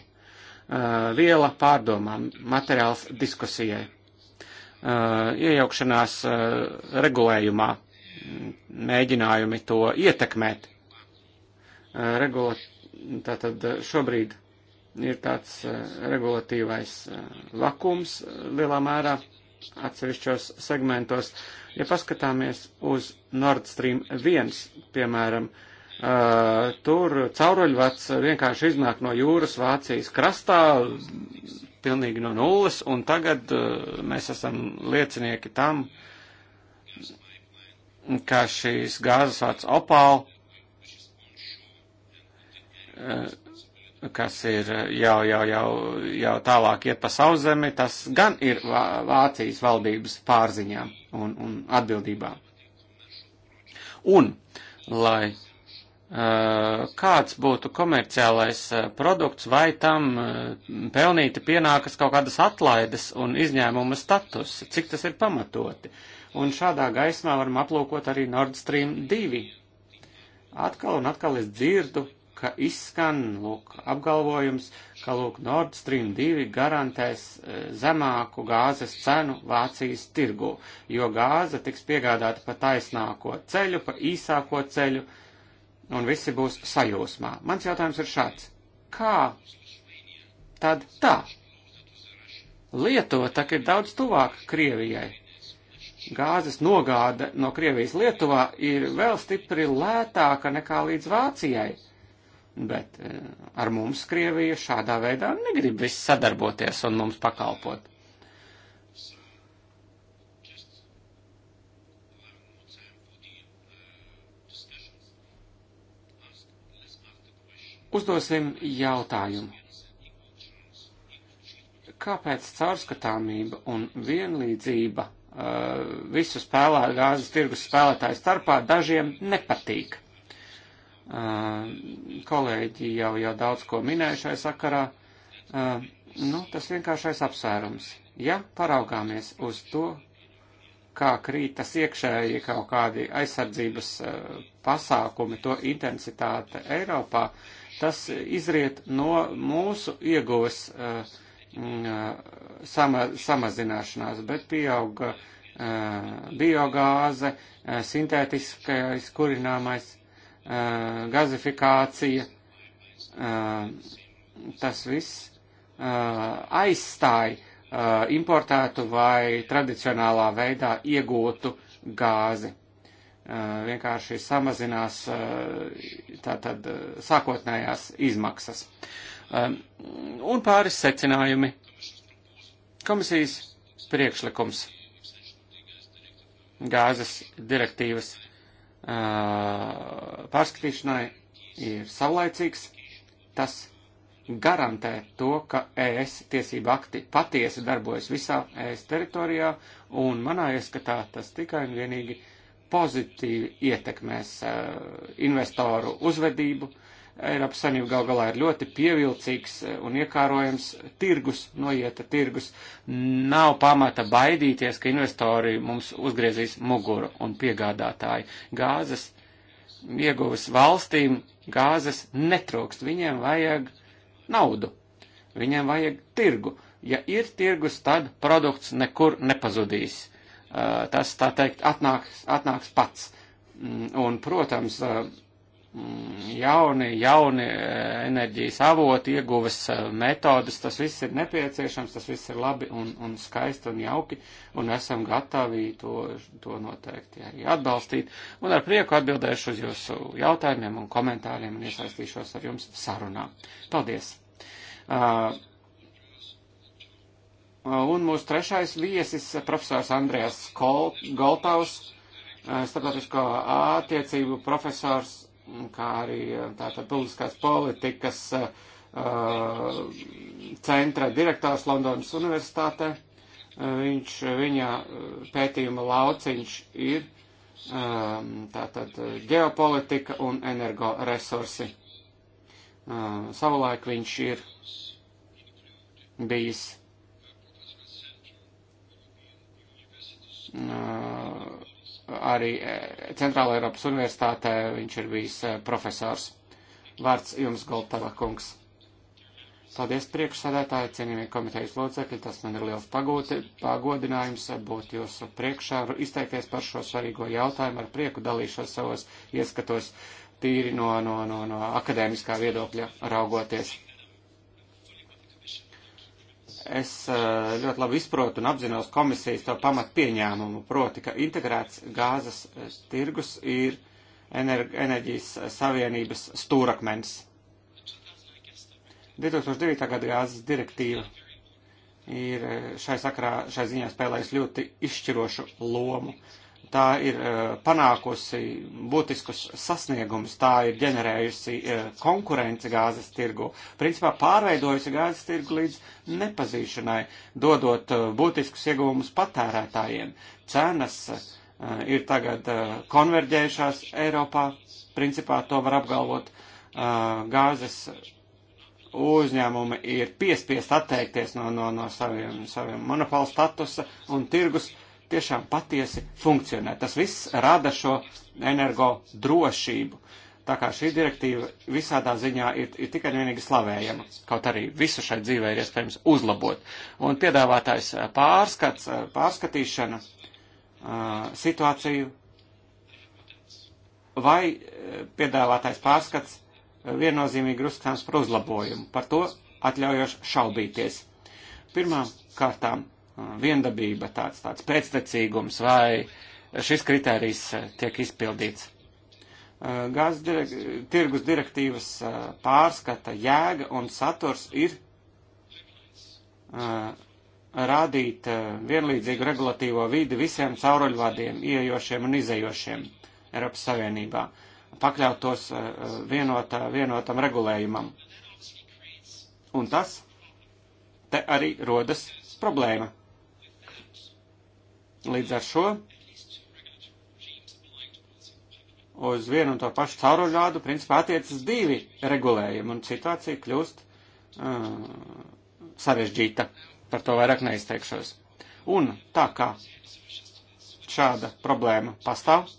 Uh, viela pārdomām, materiāls diskusijai, uh, iejaukšanās uh, regulējumā, mēģinājumi to ietekmēt. Eh, Regula, tātad eh, šobrīd ir tāds eh, regulatīvais vakums lielā mērā atsevišķos segmentos. Ja paskatāmies uz Nord Stream 1, piemēram, tur cauruļvats vienkārši iznāk no jūras Vācijas krastā, pilnīgi no nulles, un tagad mēs esam liecinieki tam, uh, ka šīs gāzes vārds opāl, eh, kas ir jau, jau, jau, jau tālāk iet pa sauszemi, tas gan ir Vācijas valdības pārziņā un, un atbildībā. Un, lai eh, kāds būtu komerciālais eh, produkts, vai tam pelnīti pienākas kaut kādas atlaides un izņēmuma status, cik tas ir pamatoti. Uh, un šādā gaismā varam aplūkot arī Nord Stream 2. Atkal un atkal es dzirdu, ka izskan, lūk, apgalvojums, ka, lūk, Nord Stream 2 garantēs e, zemāku gāzes cenu Vācijas tirgu, jo gāze tiks piegādāta pa taisnāko ceļu, pa īsāko ceļu, un visi būs sajūsmā. Mans jautājums ir šāds. Kā tad tā? Lietuva tak ir daudz tuvāk Krievijai gāzes nogāde no Krievijas Lietuvā ir vēl stipri lētāka nekā līdz Vācijai. Bet eh, ar mums Krievija šādā veidā negrib viss sadarboties un mums pakalpot. Uzdosim jautājumu. Kāpēc caurskatāmība un vienlīdzība Eh, visu spēlē, gāzes tirgus spēlētāju starpā dažiem nepatīk. Eh, kolēģi jau, jau daudz ko minējušai sakarā. Eh, nu, tas vienkāršais apsvērums. Ja paraugāmies uz to, kā krītas iekšēji kaut kādi aizsardzības pasākumi, to intensitāte Eiropā, tas izriet no mūsu ieguves sama, samazināšanās, bet pieauga eh, biogāze, eh, sintētiskais kurināmais, eh, gazifikācija. Tas viss aizstāja importētu vai tradicionālā veidā iegūtu gāzi. Vienkārši samazinās tātad sākotnējās izmaksas. Un pāris secinājumi Komisijas priekšlikums gāzes direktīvas uh, pārskatīšanai ir savlaicīgs. Tas garantē to, ka ES tiesība akti patiesi darbojas visā ES teritorijā, un manā ieskatā tas tikai un vienīgi pozitīvi ietekmēs uh, investoru uzvedību, uh, Eiropas Savienība gal galā ir ļoti pievilcīgs eh, un iekārojams tirgus, noieta tirgus. Nav pamata baidīties, ka investori mums uzgriezīs muguru un piegādātāji gāzes ieguvas valstīm, gāzes netrūkst. Viņiem vajag naudu, viņiem vajag tirgu. Ja ir tirgus, tad produkts nekur nepazudīs. Eh, tas, tā teikt, atnāks, atnāks pats. Mm, un, protams, eh, Mm, jauni, jauni eh, enerģijas avoti, ieguves eh, metodas, tas viss ir nepieciešams, tas viss ir labi un, un skaisti un jauki, un esam gatavi to, to noteikti arī atbalstīt. Un ar prieku atbildēšu uz jūsu jautājumiem un komentāriem un iesaistīšos ar jums sarunā. Paldies! Uh, un mūsu trešais viesis, profesors Andrēs Goltaus, starptautisko attiecību profesors kā arī eh, tātad publiskās politikas uh, centra direktors Londonas universitātē. Viņš, viņa pētījuma lauciņš ir tātad ģeopolitika un energoresursi. Savulaik viņš ir bijis arī e, Centrāla Eiropas Universitātē viņš ir bijis e, profesors. Vārds jums, Goltava kungs. Paldies priekšsādātāji, cienījamie komitejas locekļi, tas man ir liels pagūti, pagodinājums e, būt jūsu priekšā, izteikties par šo svarīgo jautājumu, ar prieku dalīšos savos ieskatos tīri no, no, no, no akadēmiskā viedokļa raugoties es eh, ļoti labi izprotu un apzinos komisijas to pamat pieņēmumu, proti, ka integrēts gāzes eh, tirgus ir enerģijas savienības stūrakmens. 2009. gada gāzes direktīva ir eh, šai sakarā, šai ziņā spēlējusi ļoti izšķirošu lomu. Uh, tā ir e, panākusi būtiskus sasniegumus, tā ir ģenerējusi e, konkurenci gāzes tirgu, principā pārveidojusi gāzes tirgu līdz nepazīšanai, dodot e, būtiskus ieguvumus patērētājiem. Cenas ir tagad konverģējušās Eiropā, principā to var apgalvot gāzes uzņēmumi ir piespiest atteikties no, no, no saviem, saviem monopola statusa un tirgus uh, tiešām patiesi funkcionē. Tas viss rada šo energo drošību. Tā kā šī direktīva visādā ziņā ir, ir tikai un vienīgi slavējama, kaut arī visu šai dzīvē ir iespējams uzlabot. Un piedāvātais eh, pārskats, eh, pārskatīšana eh, situāciju vai piedāvātais pārskats viennozīmīgi uzskatāms par uzlabojumu. Par to atļaujoši šaubīties. Pirmām kārtām viendabība, tāds, tāds pēctecīgums, vai šis kritērijs eh, tiek izpildīts. Eh, gāzes direk tirgus direktīvas eh, pārskata jēga un saturs ir rādīt vienlīdzīgu regulatīvo vidi visiem cauruļvadiem, iejošiem un izējošiem Eiropas Savienībā, pakļaut tos vienota, vienotam regulējumam. Un tas te arī rodas problēma Līdz ar šo uz vienu un to pašu cauruļvādu principā attiecas divi regulējumi, un situācija kļūst uh, sarežģīta. Par to vairāk neizteikšos. Un tā kā šāda problēma pastāv,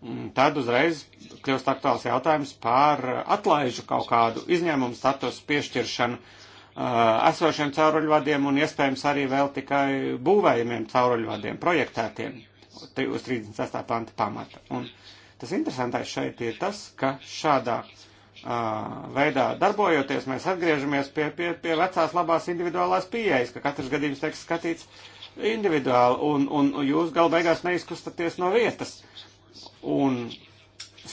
mm, tad uzreiz kļūst aktuāls jautājums par atlaižu kaut kādu izņēmumu statusu piešķiršanu Uh, esošiem cauruļvadiem un iespējams arī vēl tikai būvējumiem cauruļvadiem, projektētiem uz 36. panta pamata. Un tas interesantais šeit ir tas, ka šādā uh, veidā darbojoties, mēs atgriežamies pie, pie, pie vecās labās individuālās pieejas, ka katrs gadījums tiek skatīts individuāli, un, un jūs gal beigās neizkustaties no vietas. Un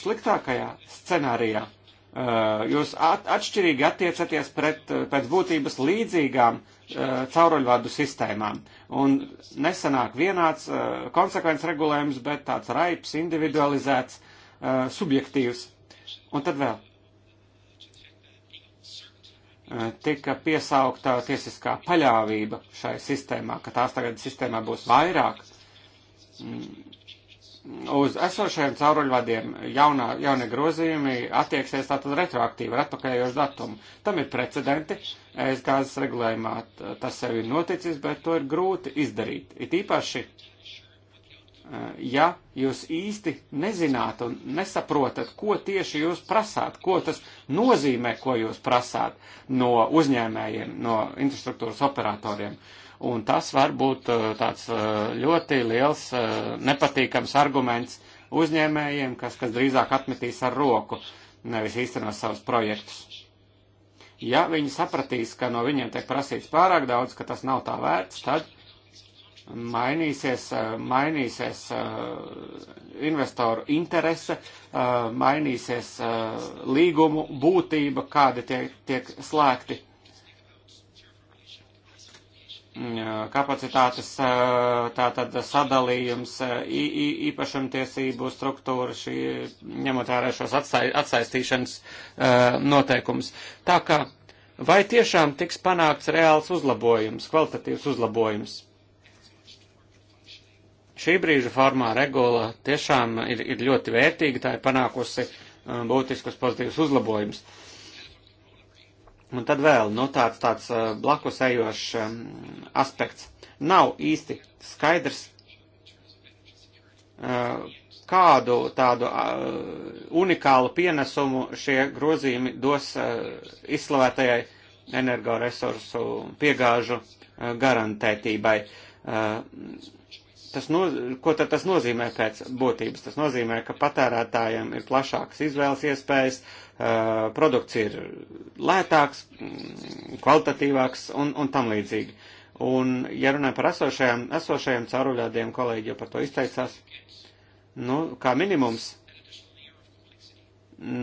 sliktākajā scenārijā Eh, jūs at, atšķirīgi attiecaties pret, eh, pēc būtības līdzīgām eh, cauruļvadu sistēmām. Un nesanāk vienāds konsekvences regulējums, bet tāds raips, individualizēts, subjektīvs. Un tad vēl tika piesaukta tiesiskā paļāvība šai sistēmā, ka tās tagad sistēmā būs vairāk. Mm uz esošajiem cauruļvadiem jaunā, jaunie grozījumi attieksies tātad retroaktīvi ar atpakaļojošu datumu. Tam ir precedenti, es gāzes regulējumā tas sev ir noticis, bet to ir grūti izdarīt. It īpaši, ja jūs īsti nezināt un nesaprotat, ko tieši jūs prasāt, ko tas nozīmē, ko jūs prasāt no uzņēmējiem, no infrastruktūras operatoriem. Uh, un tas var būt uh, tāds uh, ļoti liels uh, nepatīkams arguments uzņēmējiem, kas, kas drīzāk atmetīs ar roku, nevis īstenos savus projektus. Ja viņi sapratīs, ka no viņiem tiek prasīts pārāk daudz, ka tas nav tā vērts, tad mainīsies, mainīsies investoru interese, mainīsies līgumu būtība, kādi tiek, tiek slēgti Mm, kapacitātes tātad sadalījums, īpašumtiesību struktūra, šī ņemot vērā šos atsai, atsaistīšanas noteikumus. Tā kā vai tiešām tiks panākts reāls uzlabojums, kvalitatīvs uzlabojums? Šī brīža formā regula tiešām ir, ir ļoti vērtīga, tā ir panākusi būtiskus pozitīvus uzlabojumus. Un tad vēl nu, tāds, tāds uh, blakus ejošs um, aspekts. Nav īsti skaidrs, uh, kādu tādu uh, unikālu pienesumu šie grozījumi dos izslavētajai energoresursu piegāžu garantētībai. Tas no, ko tad tas nozīmē pēc būtības? Tas nozīmē, ka patērētājiem ir plašākas izvēles iespējas, uh, Eh, produkts ir lētāks, mm, kvalitatīvāks un, un tam līdzīgi. Un, ja runājam par esošajiem, esošajiem cauruļādiem, kolēģi jau par to izteicās, nu, kā minimums,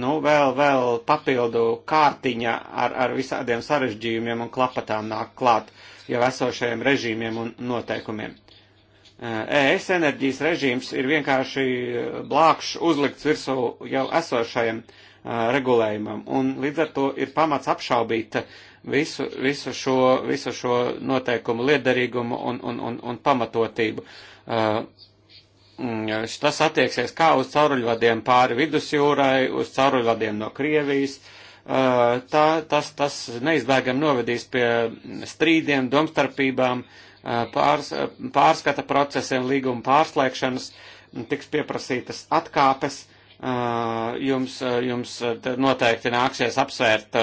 nu, vēl, vēl papildu kārtiņa ar, ar visādiem sarežģījumiem un klapatām nāk klāt jau esošajiem režīmiem un noteikumiem. Uh, ES eh, e enerģijas režīms ir vienkārši eh, blākšs uzlikts virsū jau esošajam eh, regulējumam, un līdz ar to ir pamats apšaubīt visu, visu, šo, visu šo noteikumu liederīgumu un, un, un, un pamatotību. Mm, tas attieksies kā uz cauruļvadiem pāri vidusjūrai, uz cauruļvadiem no Krievijas, tā, tas, tas neizbēgam novedīs pie strīdiem, domstarpībām, uh, pārs, pārskata procesiem, līguma pārslēgšanas, tiks pieprasītas atkāpes. Jums, jums noteikti nāksies apsvērt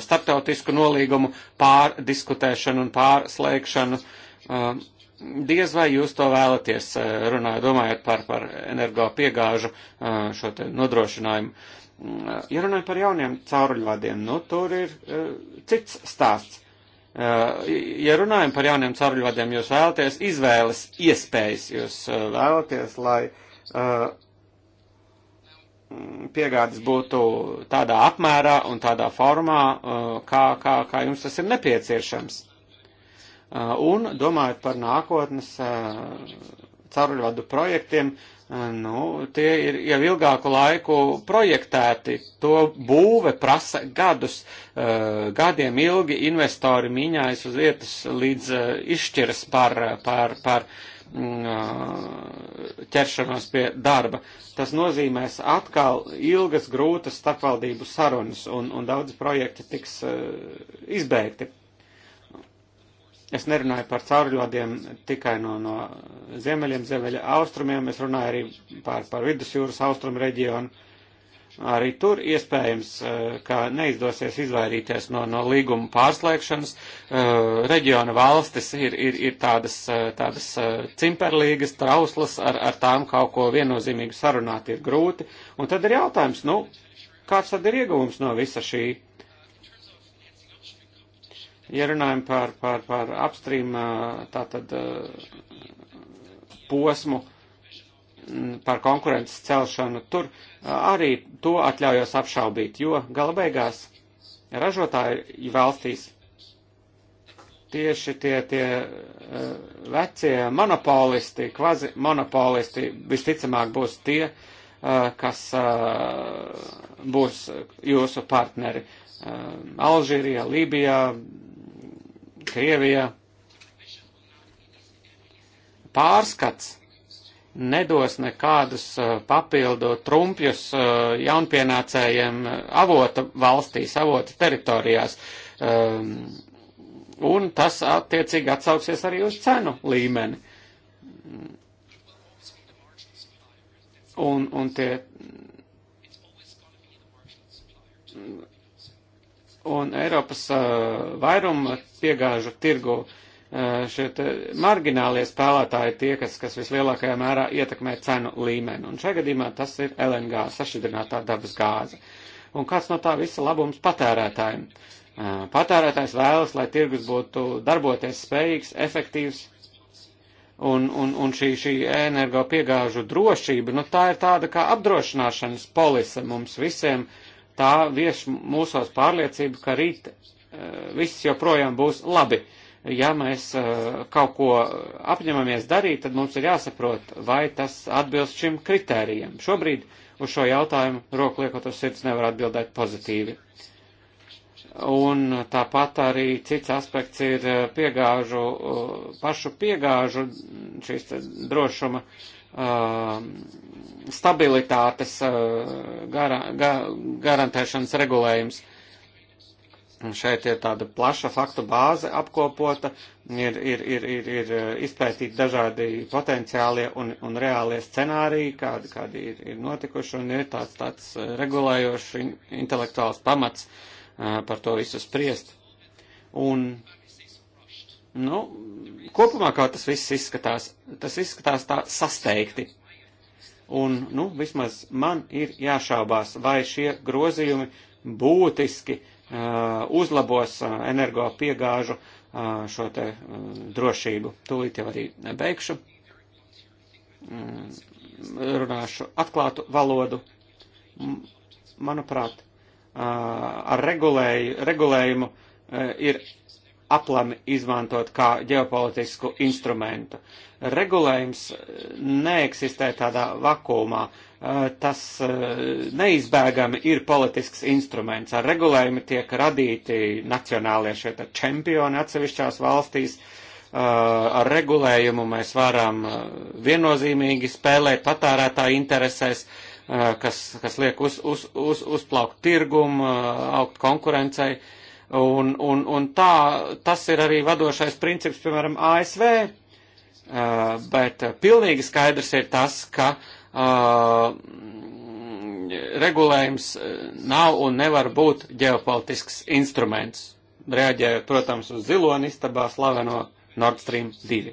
starptautisku nolīgumu pārdiskutēšanu un pārslēgšanu. Diez vai jūs to vēlaties, runājot, domājot par, par energo piegāžu šo te nodrošinājumu. Ja runājam par jauniem cauruļvadiem, nu tur ir cits stāsts Eh, ja runājam par jauniem caurļodiem, jūs vēlaties izvēles iespējas, jūs eh, vēlaties, lai uh, piegādes būtu tādā apmērā un tādā formā, uh, kā, kā, kā jums tas ir nepieciešams. Uh, un domājot par nākotnes caurļodu projektiem, uh, nu, tie ir jau ilgāku laiku projektēti. To būve prasa gadus, eh, gadiem ilgi investori miņājas uz vietas līdz eh, izšķiras par, par, par mm, eh, ķeršanos pie darba. Tas nozīmēs atkal ilgas, grūtas starpvaldību sarunas un, un daudz projekti tiks izbeigti. Es nerunāju par caurļodiem tikai no, no ziemeļiem, ziemeļa austrumiem, es runāju arī par, par vidusjūras austrumu reģionu. Arī tur iespējams, eh, ka neizdosies izvairīties no, no līguma pārslēgšanas. Eh, reģiona valstis ir, ir, ir tādas, eh, tādas cimperlīgas, trauslas, ar, ar tām kaut ko viennozīmīgi sarunāt ir grūti. Un tad ir jautājums, nu, kāds tad ir ieguvums no visa šī? Ja runājam par, par, par upstream tātad posmu, par konkurences celšanu, tur arī to atļaujos apšaubīt, jo gala beigās ražotāji valstīs tieši tie, tie vecie monopolisti, kvazi monopolisti visticamāk būs tie, kas būs jūsu partneri. Alžīrijā, Lībijā, Krievija. Pārskats nedos nekādus eh, papildu trumpjus eh, jaunpienācējiem eh, avota valstīs, avota teritorijās. Un tas attiecīgi atsauksies arī uz cenu līmeni. Un, un tie un Eiropas uh, vairuma piegāžu tirgu uh, šie marginālie spēlētāji tie, kas, kas vislielākajā mērā ietekmē cenu līmeni. Un šajā gadījumā tas ir LNG, sašķidrinātā dabas gāze. Un kāds no tā visa labums patērētājiem? Uh, patērētājs vēlas, lai tirgus būtu darboties spējīgs, efektīvs, un, un, un šī, šī energo piegāžu drošība, nu tā ir tāda kā apdrošināšanas polise mums visiem, uh, tā vieš mūsos pārliecību, ka rīt eh, viss joprojām būs labi. Ja mēs eh, kaut ko apņemamies darīt, tad mums ir jāsaprot, vai tas atbilst šim kritērijam. Šobrīd uz šo jautājumu roku liekot uz sirds nevar atbildēt pozitīvi. Un tāpat arī cits aspekts ir eh, piegāžu, pašu piegāžu šīs drošuma uh, Um, stabilitātes uh, gara, ga, garantēšanas regulējums. Šeit ir tāda plaša faktu bāze apkopota, ir, ir, ir, ir, ir uh, izpētīti dažādi potenciālie un, un reālie scenāriji, kādi, kādi ir, ir notikuši, un ir tāds, tāds uh, regulējošs intelektuāls pamats par to visu spriest. Un Nu, kopumā, kā tas viss izskatās, tas izskatās tā sasteigti. Un, nu, vismaz man ir jāšaubās, vai šie grozījumi būtiski uh, uzlabos uh, energo piegāžu uh, šo te uh, drošību. Tūlīt jau arī beigšu. Mm, runāšu atklātu valodu. M manuprāt, uh, ar regulēju, regulējumu uh, ir aplami izmantot kā ģeopolitisku instrumentu. Regulējums eh, neeksistē tādā vakumā. Eh, tas eh, neizbēgami ir politisks instruments. Ar regulējumu tiek radīti nacionālie šie čempioni atsevišķās valstīs. Ar regulējumu mēs varam viennozīmīgi spēlēt patērētā interesēs, kas, kas liek uz, uz, uz, uzplaukt tirgumu, augt konkurencei Un, un, un tā, tas ir arī vadošais princips, piemēram, ASV, uh, bet pilnīgi skaidrs ir tas, ka uh, regulējums nav un nevar būt ģeopolitisks instruments, reaģējot, protams, uz ziloni istabā slaveno Nord Stream 2.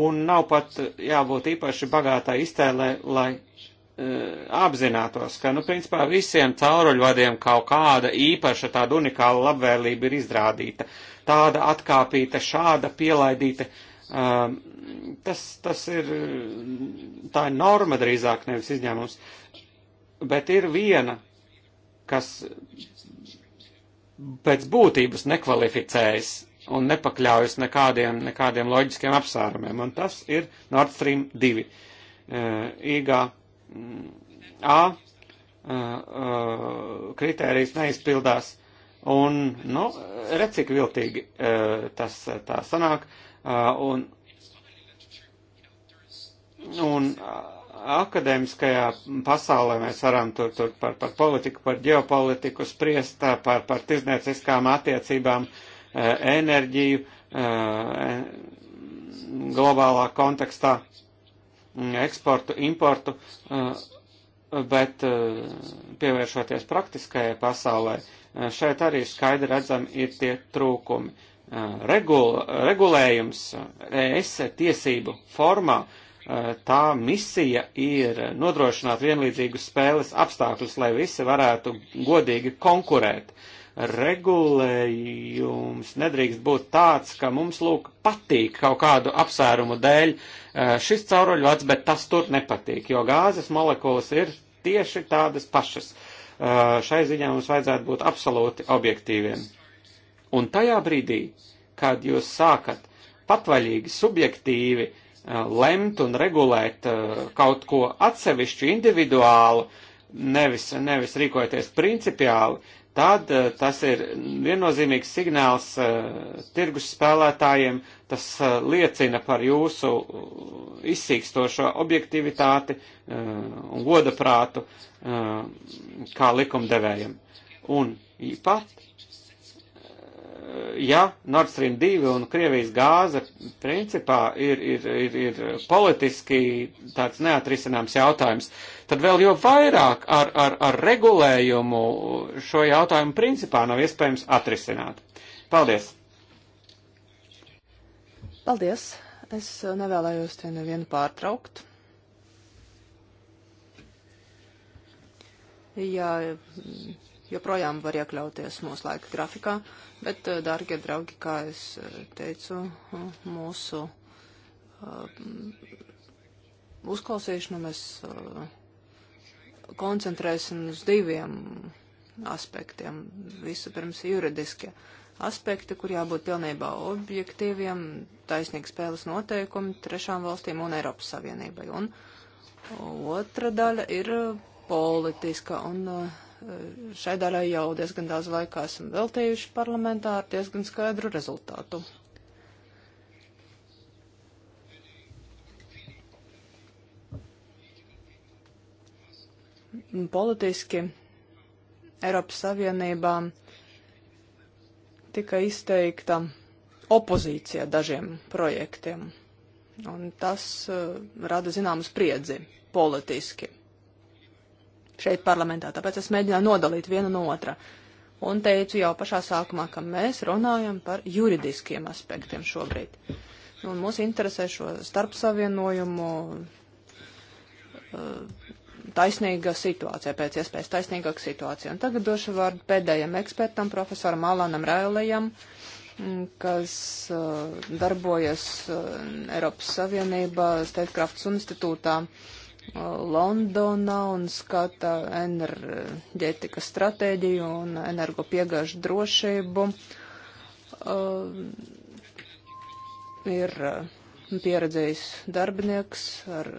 Un nav pat jābūt īpaši bagātai iztēlē, lai Eh, apzinātos, ka, nu, principā visiem cauruļvadiem kaut kāda īpaša tāda unikāla labvēlība ir izrādīta, tāda atkāpīta, šāda pielaidīta. Um, tas, tas ir, tā ir norma drīzāk, nevis izņēmums. Bet ir viena, kas pēc būtības nekvalificējas un nepakļaujas nekādiem, nekādiem loģiskiem apsvērumiem, un tas ir Nord Stream 2. Uh, īgā A kritērijas neizpildās. Un, nu, redz, cik viltīgi tas tā sanāk. Un, un akadēmiskajā pasaulē mēs varam tur, tur par, par politiku, par ģeopolitiku spriest, par, par tirzniecīskām attiecībām, enerģiju globālā kontekstā eksportu, importu, eh, bet eh, pievēršoties praktiskajai pasaulē, eh, šeit arī skaidri redzami ir tie trūkumi. Regula, regulējums ES tiesību formā, tā misija ir nodrošināt vienlīdzīgus spēles apstākļus, lai visi varētu godīgi konkurēt. Uh, regulējums nedrīkst būt tāds, ka mums lūk patīk kaut kādu apsvērumu dēļ e, šis cauruļvats, bet tas tur nepatīk, jo gāzes molekulas ir tieši tādas pašas. E, šai ziņā mums vajadzētu būt absolūti objektīviem. Un tajā brīdī, kad jūs sākat patvaļīgi, subjektīvi e, lemt un regulēt kaut ko atsevišķu, individuālu, nevis, nevis rīkojoties principiāli, tad eh, tas ir viennozīmīgs signāls eh, tirgus spēlētājiem, tas eh, liecina par jūsu izsīkstošo objektivitāti un godaprātu kā likumdevējiem. Un pat, ja Nord Stream 2 un Krievijas gāze principā ir, ir, ir, ir politiski tāds neatrisināms jautājums, uh, tad vēl jau vairāk ar, ar, ar regulējumu šo jautājumu principā nav iespējams atrisināt. Paldies! Paldies! Es nevēlējos te nevienu pārtraukt. Jā, joprojām var iekļauties mūsu laika grafikā, bet, dārgie draugi, kā es teicu, mūsu uh, uzklausīšanu mēs uh, koncentrēsim uz diviem aspektiem. Vispirms juridiskie aspekti, kur jābūt pilnībā objektīviem, taisnīgi spēles noteikumi trešām valstīm un Eiropas Savienībai. Un otra daļa ir uh, politiska, un uh, šai daļai jau diezgan daudz laikā esam veltījuši parlamentā ar diezgan skaidru rezultātu. politiski Eiropas Savienībā tika izteikta opozīcija dažiem projektiem, un tas uh, rada zināmu spriedzi politiski šeit parlamentā, tāpēc es mēģināju nodalīt vienu no otra. Un teicu jau pašā sākumā, ka mēs runājam par juridiskiem aspektiem šobrīd. Un mūs interesē šo starpsavienojumu uh, taisnīga situācija, pēc iespējas taisnīgāka situācija. Un tagad došu vārdu pēdējiem ekspertam, profesoram Alanam Rēlējam, mm, kas uh, darbojas uh, Eiropas Savienībā Statecrafts institūtā uh, Londonā un skata enerģētikas stratēģiju un energo piegāžu drošību. Uh, ir uh, pieredzējis darbinieks ar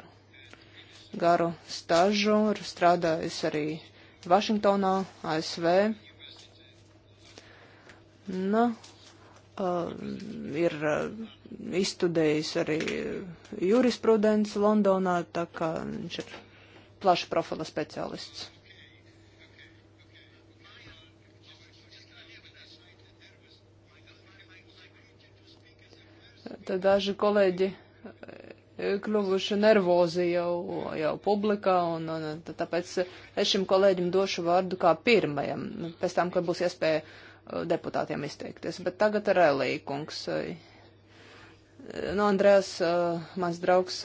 garu stažu, ir strādājis arī Vašingtonā, ASV. Nu, uh, ir uh, izstudējis arī jurisprudents Londonā, tā kā viņš ir plaša profila speciālists. Tad daži kolēģi E, kļuvuši nervozi jau, jau publikā, un, un tāpēc es šim kolēģim došu vārdu kā pirmajam, nu, pēc tam, kad būs iespēja e, deputātiem izteikties. Bet tagad Relija kungs. E, nu, Andrēs, mans draugs,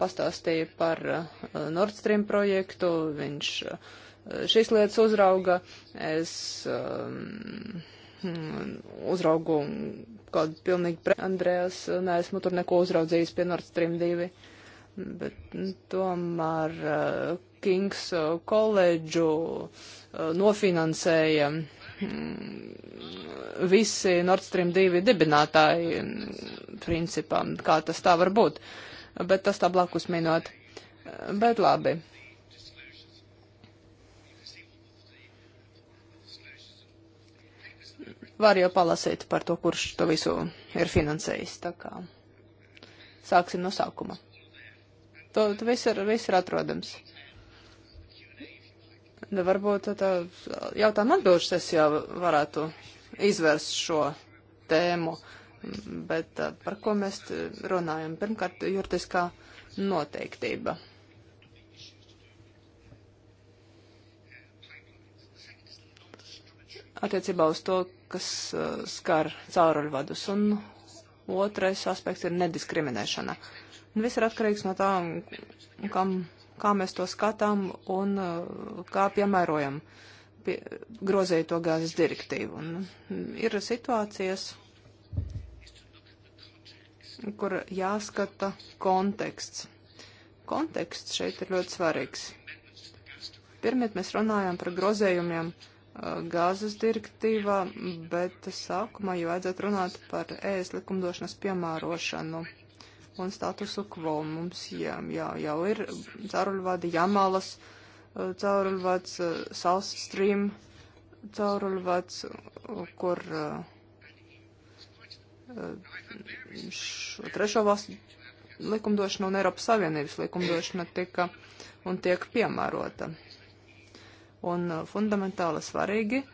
pastāstīja par Nord Stream projektu, viņš šīs lietas uzrauga. Es, um, Mm, uzraugu kādu pilnīgi pre... Andrējas, neesmu tur neko uzraudzījis pie Nord Stream 2, bet mm, tomēr uh, Kings eh, koledžu uh, nofinansēja mm, visi Nord Stream 2 dibinātāji, principā, kā tas tā var būt. Bet tas tā blakus minot. Bet labi. Var jau palasīt par to, kurš to visu ir finansējis. Tā kā sāksim no sākuma. To, to viss ir, viss ir atrodams. Da nu, varbūt tā jautājuma atbildes sesijā varētu izvērst šo tēmu, bet par ko mēs runājam? Pirmkārt, juridiskā noteiktība. attiecībā uz to, kas uh, skar cauruļvadus. Un otrais aspekts ir nediskriminēšana. Un viss ir atkarīgs no tā, kam, kā mēs to skatām un uh, kā piemērojam pie, grozēto gāzes direktīvu. Un mm, ir situācijas, kur jāskata konteksts. Konteksts šeit ir ļoti svarīgs. Pirmiet mēs runājām par grozējumiem uh, gāzes direktīvā, bet sākumā jau vajadzētu runāt par ēst likumdošanas piemērošanu un statusu quo. Mums jā, jā, jau ir cauruļvadi Jamalas, eh, cauruļvads eh, South Stream, cauruļvads, kur eh, šo trešo valstu likumdošana un Eiropas Savienības likumdošana tika un tiek piemērota. Un uh, fundamentāli svarīgi uh,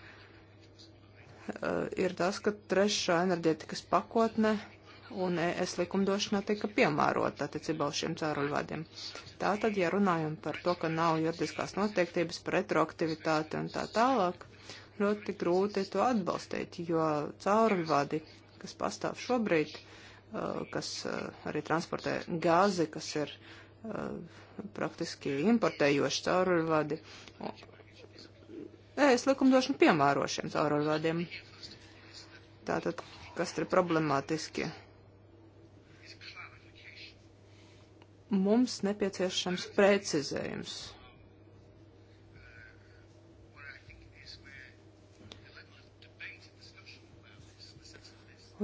ir tas, ka trešā enerģētikas pakotne un ES likumdošanā tika piemērota attiecībā uz šiem cēruļvadiem. Tātad, ja runājam par to, ka nav juridiskās noteiktības par retroaktivitāti un tā tālāk, ļoti grūti to atbalstīt, jo cēruļvadi, kas pastāv šobrīd, uh, kas arī transportē gāzi, kas ir praktiski importējoši cēruļvadi, ES likumdošanu piemēro šiem caurulādiem. Tātad, kas ir problemātiski? Mums nepieciešams precizējums.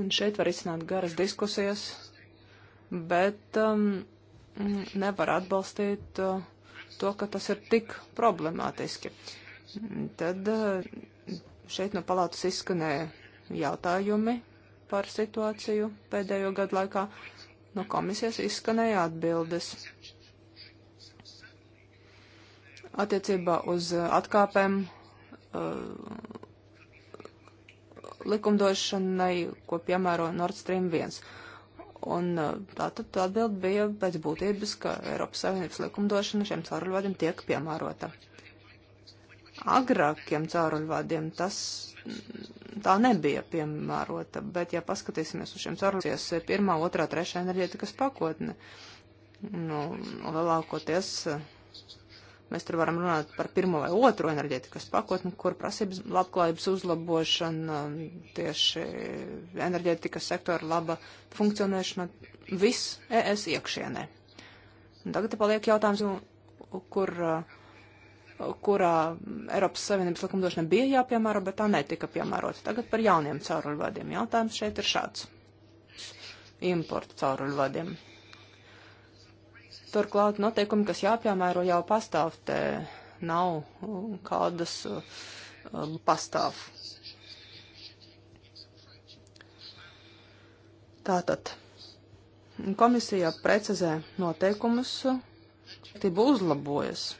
Un šeit var izsnākt garas diskusijas, bet um, nevar atbalstīt uh, to, ka tas ir tik problemātiski. Uh, Tad eh, šeit no palātas izskanēja jautājumi par situāciju pēdējo gadu laikā. No komisijas izskanēja atbildes. Attiecībā uz eh, atkāpēm eh, likumdošanai, ko piemēro Nord Stream 1. Un tātad tā atbild bija pēc būtības, ka Eiropas Savienības likumdošana šiem caurļvadiem tiek piemērota agrākiem cauruļvadiem tas tā nebija piemērota, bet ja paskatīsimies uz šiem cauruļvadiem, ir pirmā, otrā, trešā enerģētikas pakotne. Nu, lielākoties mēs tur varam runāt par pirmo vai otro enerģētikas pakotni, kur prasības labklājības uzlabošana, tieši enerģētikas sektora laba funkcionēšana, viss ES iekšienē. Un tagad paliek jautājums, kur uh, kurā Eiropas Savienības likumdošana bija jāpiemēro, bet tā netika piemērota. Tagad par jauniem cauruļvadiem. Jautājums šeit ir šāds. Importu cauruļvadiem. Turklāt noteikumi, kas jāpiemēro, jau pastāv te nav uh, kādas uh, pastāv. Tātad komisija precizē noteikumus, uh, tība uzlabojas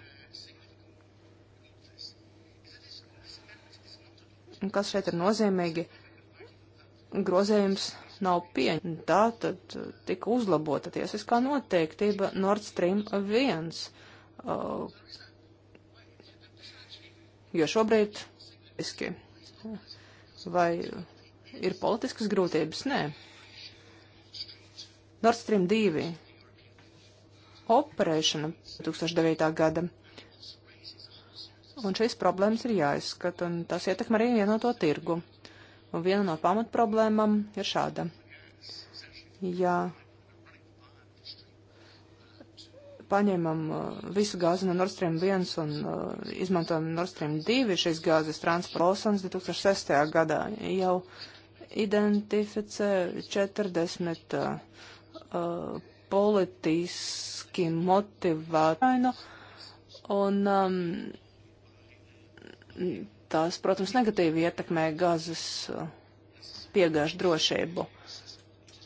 Un kas šeit ir nozīmīgi? Grozējums nav pieņemts. Tā tad uh, tika uzlabota tiesiskā noteiktība Nord Stream 1. Uh, jo šobrīd iski. Vai ir politiskas grūtības? Nē. Nord Stream 2 operēšana 2009. gada Un šīs problēmas ir jāizskata, un tas ietekmē arī vienoto no tirgu. Un viena no pamatproblēmām ir šāda. Ja paņemam uh, visu gāzi no Nord Stream 1 un uh, izmantojam Nord Stream 2 šīs gāzes transports 2006. gadā jau identificē 40 uh, uh, politiski motivētāju un um, tās, protams, negatīvi ietekmē gazas uh, piegāžu drošību.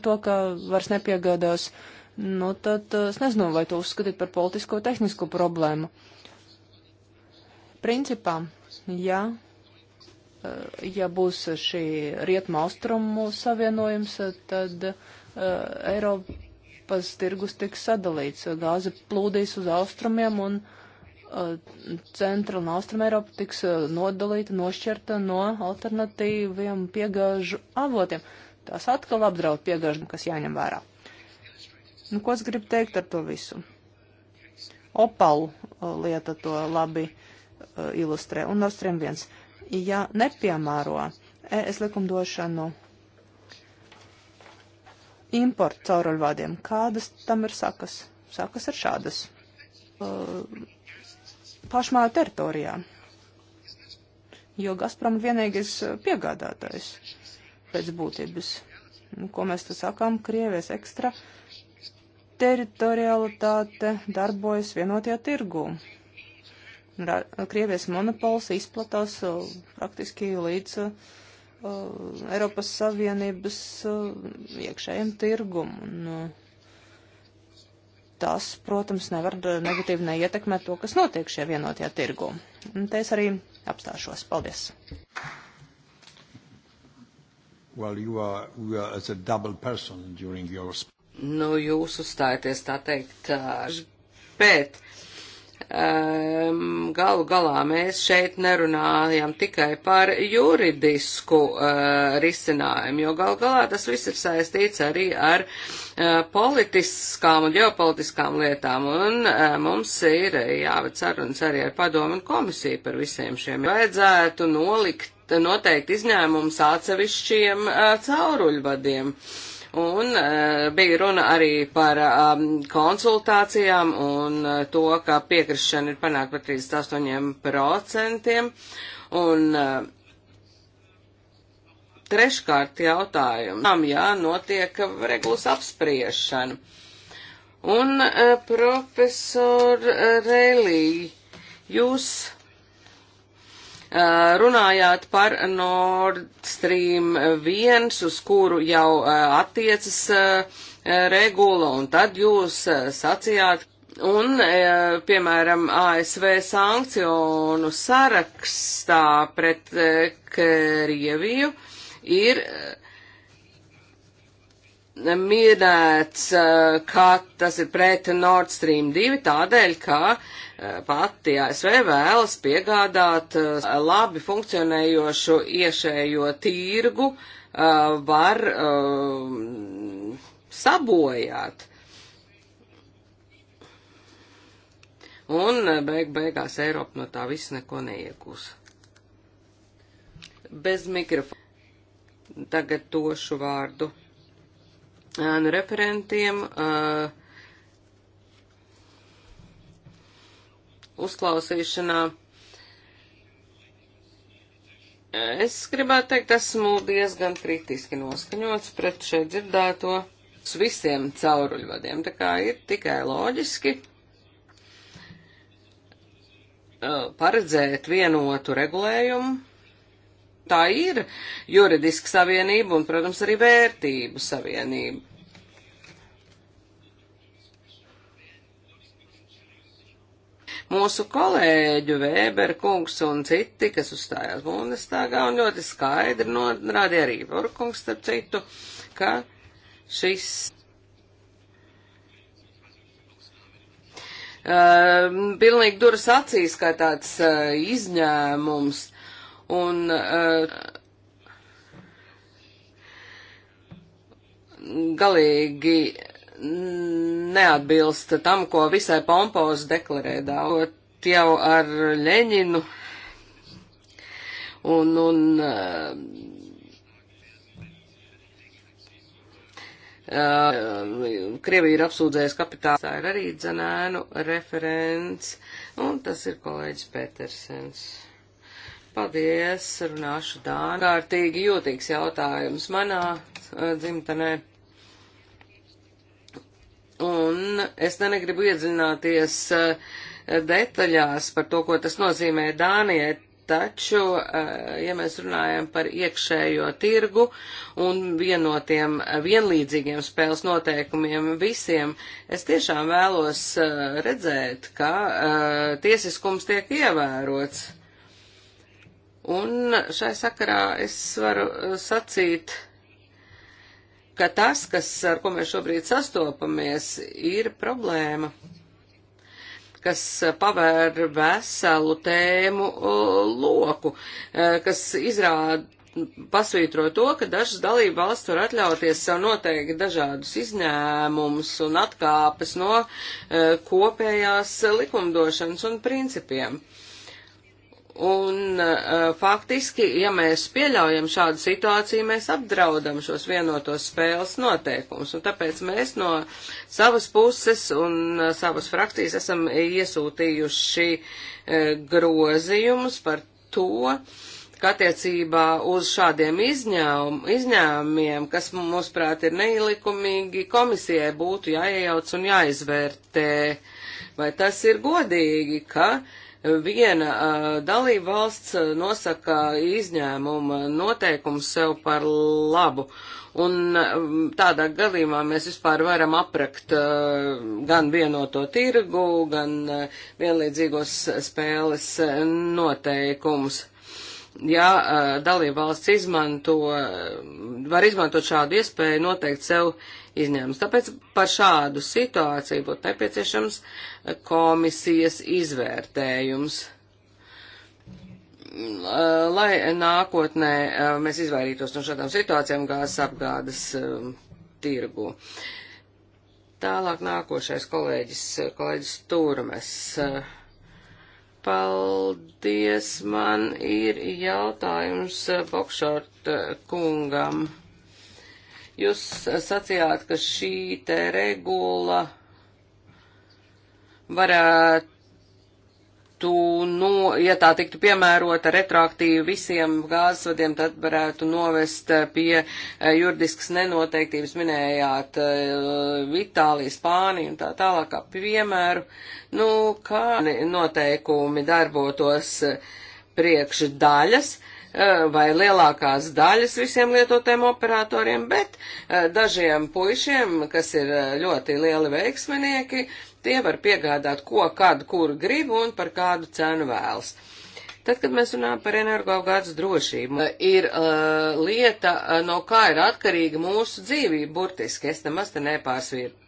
To, ka vairs nepiegādās, nu tad uh, es nezinu, vai to uzskatīt par politisko tehnisko problēmu. Principā, jā, uh, ja būs šī rietma austrumu savienojums, tad uh, Eiropas tirgus tiks sadalīts. Gāze plūdīs uz austrumiem un uh, centra un austruma Eiropa tiks nodalīta, nošķirta no alternatīviem piegāžu avotiem. Tās atkal apdraud piegāžu, kas jāņem vērā. Nu, ko es gribu teikt ar to visu? Opalu lieta to labi uh, ilustrē. Un Nord Stream 1. Ja nepiemēro ES likumdošanu importu cauruļvādiem, kādas tam ir sakas? Sakas ir šādas. Uh, pašmāju teritorijā, jo Gazprom ir vienīgais eh, piegādātājs pēc būtības. Nu, ko mēs te sakām, Krievijas ekstra teritorialitāte darbojas vienotajā tirgū. Krievijas monopols izplatās uh, praktiski līdz uh, Eiropas Savienības uh, iekšējiem tirgum. Un, tas, protams, nevar negatīvi neietekmēt to, kas notiek šajā vienotajā tirgu. Un te es arī apstāšos. Paldies! Well, you are, you are as a double person during your... Nu, jūs uzstājaties, tā teikt, bet um, galu galā mēs šeit nerunājam tikai par juridisku uh, risinājumu, jo galu galā tas viss ir saistīts arī ar uh, politiskām un ģeopolitiskām lietām, un uh, mums ir jāved sarunas arī ar padomu un komisiju par visiem šiem. Vajadzētu nolikt noteikti izņēmums atsevišķiem uh, cauruļvadiem. Uh, Un e, bija runa arī par e, konsultācijām un e, to, ka piekrišana ir panākta par 38%. Un treškārt jautājumu, tam jānotiek regulas apspriešana. Un profesor Reilī, jūs Eh, runājāt par Nord Stream 1, uz kuru jau eh, attiecas eh, regula, un tad jūs sacījāt, un, piemēram, ASV sankcionu sarakstā pret Krieviju ir minēts, ka tas ir pret Nord Stream 2 tādēļ, ka pati ASV vēlas piegādāt labi funkcionējošu iešējo tirgu, var sabojāt. Un beig beigās Eiropa no tā viss neko neiegūs. Bez mikrofona. Tagad došu vārdu ēnu referentiem. Uzklausīšanā. Es gribētu teikt, esmu diezgan kritiski noskaņots pret šeit dzirdēto uz visiem cauruļvadiem. Tā kā ir tikai loģiski paredzēt vienotu regulējumu tā ir juridiska savienība un, protams, arī vērtību savienība. Mūsu kolēģu Vēber kungs un citi, kas uzstājās Bundestagā un ļoti skaidri norādīja arī Vorkungs, starp citu, ka šis Uh, pilnīgi duras acīs, kā tāds uh, izņēmums Un, eh, galīgi neatbilst tam, ko visai pompozi deklarē dāvot jau ar Ļeņinu. Un, un Uh, Krievija ir apsūdzējusi kapitālu. Tā ir arī dzenēnu referents, un tas ir kolēģis Petersens. Paldies, runāšu dāni. Kārtīgi jūtīgs jautājums manā uh, dzimtenē. Un es ne negribu iedzināties uh, detaļās par to, ko tas nozīmē Dānijai, taču, uh, ja mēs runājam par iekšējo tirgu un vienotiem vienlīdzīgiem spēles noteikumiem visiem, es tiešām vēlos redzēt, ka tiesiskums tiek ievērots Un šai sakarā es varu uh, sacīt, ka tas, kas, ar ko mēs šobrīd sastopamies, ir problēma, kas uh, pavēr veselu tēmu uh, loku, kas izrāda, pasvītro to, ka dažas dalība valsts var atļauties sev noteikti dažādus izņēmumus un atkāpes no kopējās likumdošanas un principiem. Uh, Un uh, faktiski, ja mēs pieļaujam šādu situāciju, mēs apdraudam šos vienotos spēles noteikumus. Un tāpēc mēs no savas puses un uh, savas frakcijas esam iesūtījuši uh, grozījumus par to, ka attiecībā uz šādiem izņēm, izņēmumiem, kas mūsuprāt ir neilikumīgi, komisijai būtu jāiejauc un jāizvērtē, vai tas ir godīgi, ka uh, viena dalība valsts nosaka izņēmuma noteikumu sev par labu. Un tādā gadījumā mēs vispār varam aprakt gan vienoto tirgu, gan vienlīdzīgos spēles noteikumus ja eh, dalība valsts izmanto, var izmantot šādu iespēju noteikt sev izņēmumus. Tāpēc par šādu situāciju būtu nepieciešams eh, komisijas izvērtējums. Eh, lai nākotnē mēs izvairītos no šādām situācijām gāzes apgādes tirgu. Tālāk nākošais kolēģis, kolēģis Turmes. Uh, Paldies, man ir jautājums Bokšort eh, eh, kungam. Jūs eh, sacījāt, ka šī te regula varētu tiktu, no, nu, ja tā tiktu piemērota retroaktīvi visiem gāzesvadiem, tad varētu novest pie eh, juridiskas nenoteiktības, minējāt eh, Itāliju, Spāniju un tā tālāk, kā piemēru, nu, kā noteikumi darbotos eh, priekš daļas vai lielākās daļas visiem lietotiem operatoriem, bet dažiem puišiem, kas ir ļoti lieli veiksminieki, Tie var piegādāt ko, kad, kur grib un par kādu cenu vēlas. Tad, kad mēs runājam par energoapgādes drošību, ir uh, lieta, uh, no kā ir atkarīga mūsu dzīvība, burtiski, es nemaz te nepārsvīru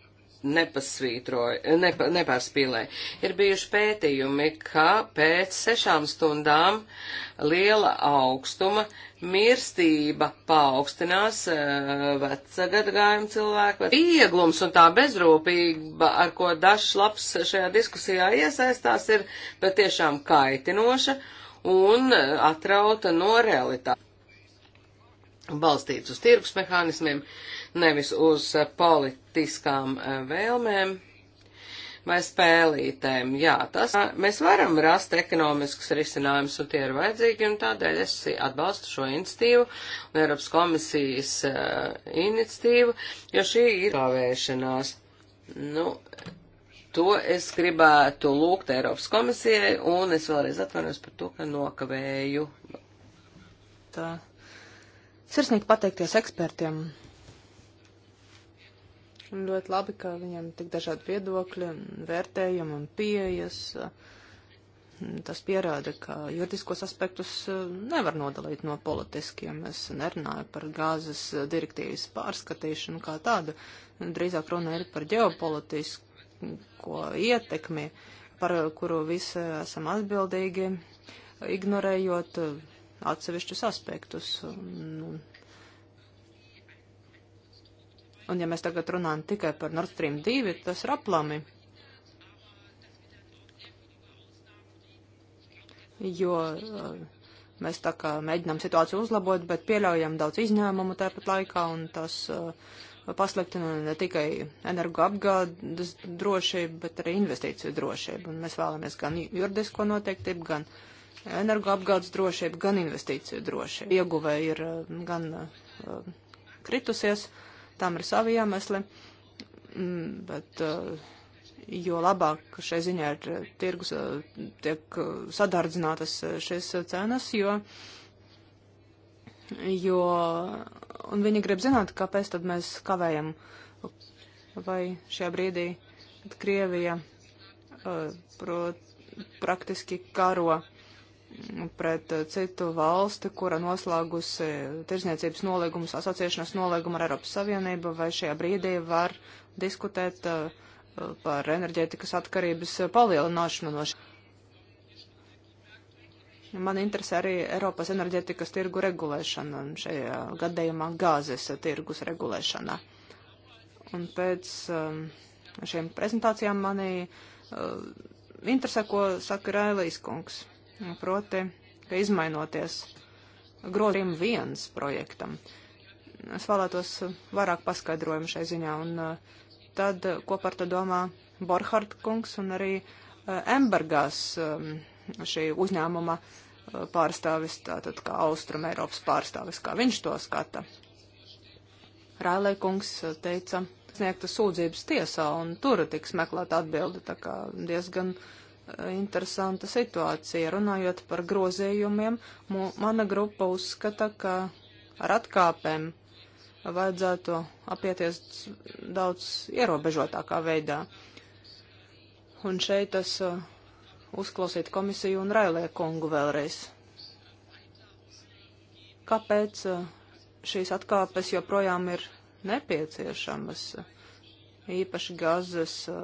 nepasvītroja, nepa, nepārspīlē. Ir bijuši pētījumi, ka pēc sešām stundām liela augstuma mirstība paaugstinās eh, vecgadagājumu cilvēku. Vieglums un tā bezrūpība, ar ko dažs labs šajā diskusijā iesaistās, ir patiešām kaitinoša un eh, atrauta no realitātes balstīts uz tirgus mehānismiem, nevis uz eh, politiskām eh, vēlmēm vai spēlītēm. Jā, tas mēs varam rast ekonomiskus risinājumus, un tie ir vajadzīgi, un tādēļ es atbalstu šo iniciatīvu un Eiropas komisijas uh, iniciatīvu, jo šī ir kavēšanās. Nu, to es gribētu lūgt Eiropas komisijai, un es vēlreiz atvainojos par to, ka nokavēju. Tā. Sirsnīgi pateikties ekspertiem Un ļoti labi, ka viņiem tik dažādi viedokļi, vērtējumi un pieejas. Tas pierāda, ka juridiskos aspektus uh, nevar nodalīt no politiskiem. Es nerunāju par gāzes direktīvas pārskatīšanu kā tādu. Drīzāk runa ir par ģeopolitisko ietekmi, par kuru visi esam atbildīgi, ignorējot uh, atsevišķus aspektus. Un, Un ja mēs tagad runājam tikai par Nord Stream 2, tas ir aplami. Jo eh, mēs tā kā mēģinām situāciju uzlabot, bet pieļaujam daudz izņēmumu tāpat laikā, un tas eh, pasliktina ne tikai energoapgādes drošību, bet arī investīciju drošību. Un mēs vēlamies gan juridisko noteiktību, gan energoapgādes drošību, gan investīciju drošību. Ieguve ir eh, gan kritusies. Uh, tam ir savi iemesli, mm, bet eh, jo labāk šai ziņā ir eh, tirgus, eh, tiek sadardzinātas šīs cenas, jo, jo, un viņi grib zināt, kāpēc tad mēs kavējam, vai šajā brīdī Krievija pro, praktiski karo pret eh, citu valsti, kura noslēgusi tirsniecības nolīgumus, asociēšanās nolīgumu ar Eiropas Savienību, vai šajā brīdī var diskutēt eh, par enerģētikas atkarības palielināšanu no šī. Man interesē arī Eiropas enerģētikas tirgu regulēšana un šajā gadījumā gāzes tirgus regulēšana. Un pēc eh, šiem prezentācijām manī interesē, ko saka Rēlīs kungs proti, ka izmainoties grozījumu viens projektam. Es vēlētos vairāk paskaidrojumu šai ziņā, un uh, tad, uh, ko par to domā Borhardt kungs un arī uh, Embergās um, šī uzņēmuma pārstāvis, tātad kā Austrum Eiropas pārstāvis, kā viņš to skata. Rēlē kungs teica, sniegta sūdzības tiesā, un tur tiks meklēta atbildi, tā kā diezgan uh, interesanta situācija. Runājot par grozījumiem, mana grupa uzskata, ka ar atkāpēm vajadzētu apieties daudz ierobežotākā veidā. Un šeit es uh, uzklausītu komisiju un Railē kungu vēlreiz. Kāpēc uh, šīs atkāpes joprojām ir nepieciešamas, īpaši gazas uh,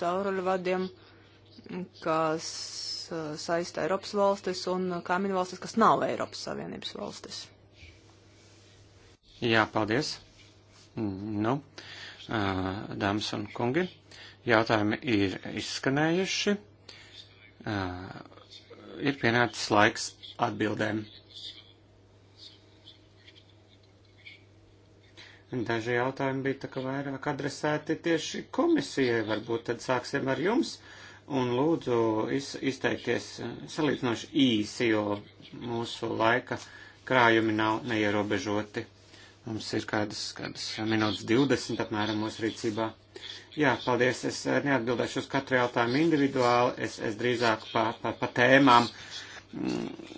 cauruļvadiem? vadiem? kas uh, saista Eiropas valstis un kaimiņu valstis, kas nav Eiropas Savienības valstis. Jā, paldies. Nu, dāmas un kungi, jautājumi ir izskanējuši. Ir pienācis laiks atbildēm. Daži jautājumi bija tā kā vairāk adresēti tieši komisijai, varbūt tad sāksim ar jums. Uh, un lūdzu iz, izteikties salīdzinoši īsi, jo mūsu laika krājumi nav neierobežoti. Mums ir kādas, kādas minūtes 20 apmēram mūsu rīcībā. Jā, paldies. Es eh, neatbildēšu uz katru jautājumu individuāli, es, es drīzāk pa, pa, pa tēmām. Mm,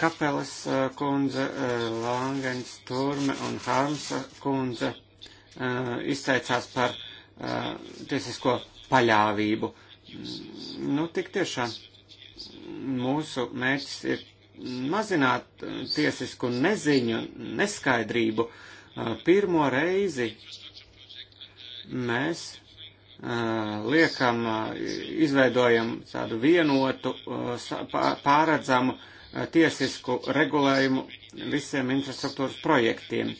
Kapelas eh, kundze, eh, Langens, Turme un Harmsa kundze izteicās par tiesisko paļāvību Nu, tik tiešām mūsu mērķis ir mazināt tiesisku neziņu, neskaidrību. Uh, pirmo reizi mēs uh, liekam, uh, izveidojam tādu vienotu, pāredzamu tiesisku regulējumu visiem infrastruktūras projektiem.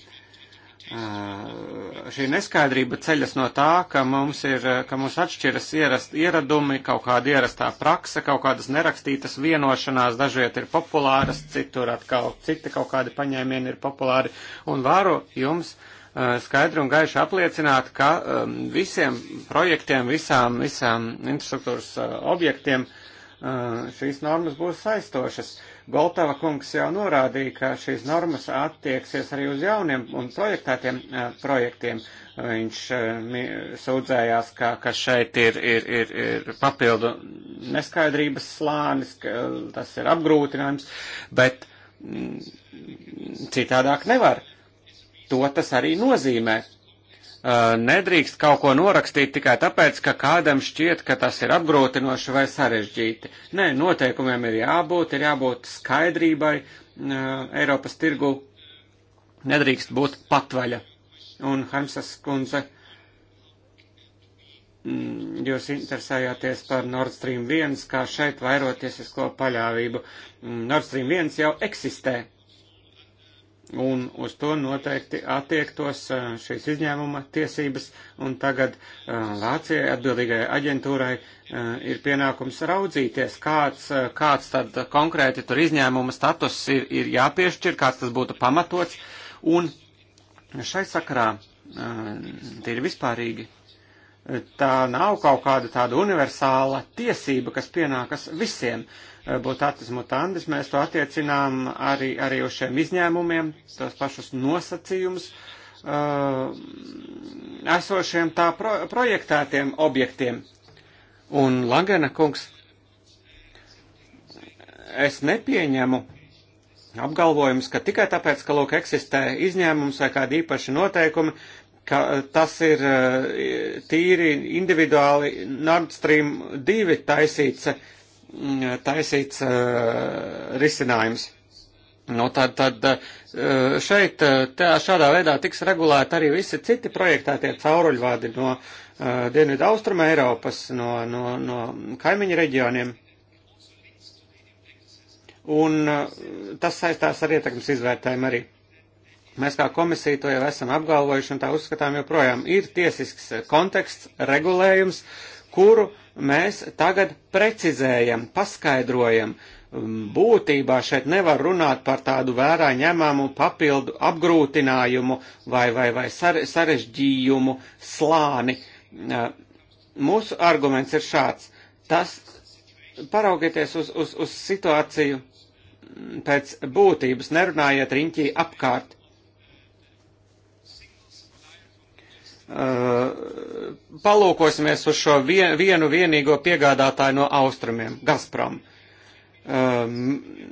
Eh, šī neskaidrība ceļas no tā, ka mums ir, eh, ka mums atšķiras ierast, ieradumi, kaut kāda ierastā praksa, kaut kādas nerakstītas vienošanās, dažviet ir populāras, citur atkal citi kaut kādi paņēmieni ir populāri, un varu jums eh, skaidri un gaiši apliecināt, ka ehm, visiem projektiem, visām, visām infrastruktūras objektiem šīs normas būs saistošas. Uh, Goltava kungs jau norādīja, ka šīs normas attieksies arī uz jauniem un projektētiem projektiem. Viņš sūdzējās, ka, ka šeit ir, ir, ir, ir papildu neskaidrības slānis, ka tas ir apgrūtinājums, bet mm, citādāk nevar. To tas arī nozīmē Eh, nedrīkst kaut ko norakstīt tikai tāpēc, ka kādam šķiet, ka tas ir apgrūtinoši vai sarežģīti. Nē, noteikumiem ir jābūt, ir jābūt skaidrībai eh, Eiropas tirgu, nedrīkst būt patvaļa. Un Harmsas kundze, mm, jūs interesējāties par Nord Stream 1, kā šeit vairoties uz ko paļāvību. Mm, Nord Stream 1 jau eksistē un uz to noteikti attiektos šīs izņēmuma tiesības, un tagad Vācijai atbildīgajai aģentūrai ir pienākums raudzīties, kāds, kāds tad konkrēti tur izņēmuma status ir, ir jāpiešķir, kāds tas būtu pamatots, un šai sakarā tie ir vispārīgi tā nav kaut kāda tāda universāla tiesība, kas pienākas visiem. Eh, Būtātis mutandis mēs to attiecinām arī, arī uz šiem izņēmumiem, tos pašus nosacījumus uh, esošiem tā pro, projektētiem objektiem. Un Lagena kungs, es nepieņemu apgalvojums, ka tikai tāpēc, ka lūk eksistē izņēmums vai kādi īpaši noteikumi, ka eh, tas ir eh, tīri individuāli Nord Stream 2 taisīts, mm, taisīts eh, risinājums. Nu, tad, tad šeit tā, šādā veidā tiks regulēti arī visi citi projektētie cauruļvādi no Dienvidu Austruma Eiropas, no, no, no kaimiņu reģioniem. Un tas saistās ar ietekmes izvērtējumu arī. Mēs kā komisija to jau esam apgalvojuši un tā uzskatām joprojām. Ir tiesisks eh, konteksts, regulējums, kuru mēs tagad precizējam, paskaidrojam. Mm, būtībā šeit nevar runāt par tādu vērā ņemamu papildu apgrūtinājumu vai, vai, vai sarežģījumu slāni. Eh, mūsu arguments ir šāds. Tas paraugieties uz, uz, uz situāciju mm, pēc būtības, nerunājiet riņķī apkārt Uh, palūkosimies uz šo vienu vienīgo piegādātāju no austrumiem - Gazprom. Um,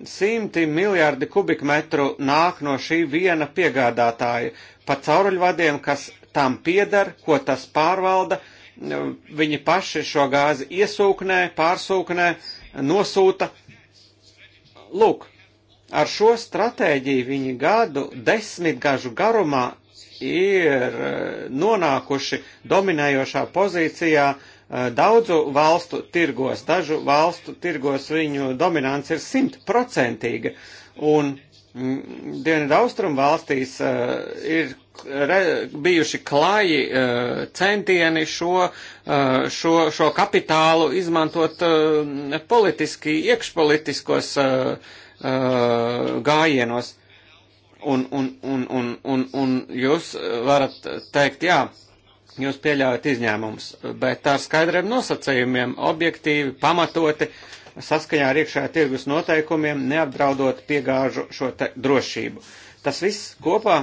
simti miljardi kubikmetru nāk no šī viena piegādātāja pa cauruļvadiem, kas tam piedar, ko tas pārvalda. Um, viņi paši šo gāzi iesūknē, pārsūknē, nosūta. Lūk, ar šo stratēģiju viņi gadu desmitgažu garumā ir eh, nonākuši dominējošā pozīcijā eh, daudzu valstu tirgos. Dažu valstu tirgos viņu dominants ir simtprocentīga. Un mm, Dienvidaustrum valstīs uh, ir re, bijuši klāji uh, centieni šo, uh, šo, šo kapitālu izmantot uh, politiski, iekšpolitiskos uh, uh, gājienos. Uh, Un, un, un, un, un, un jūs varat teikt, jā, jūs pieļaujat izņēmumus, bet ar skaidriem nosacījumiem, objektīvi, pamatoti, saskaņā ar iekšējā tirgus noteikumiem, neapdraudot piegāžu šo drošību. Tas viss kopā,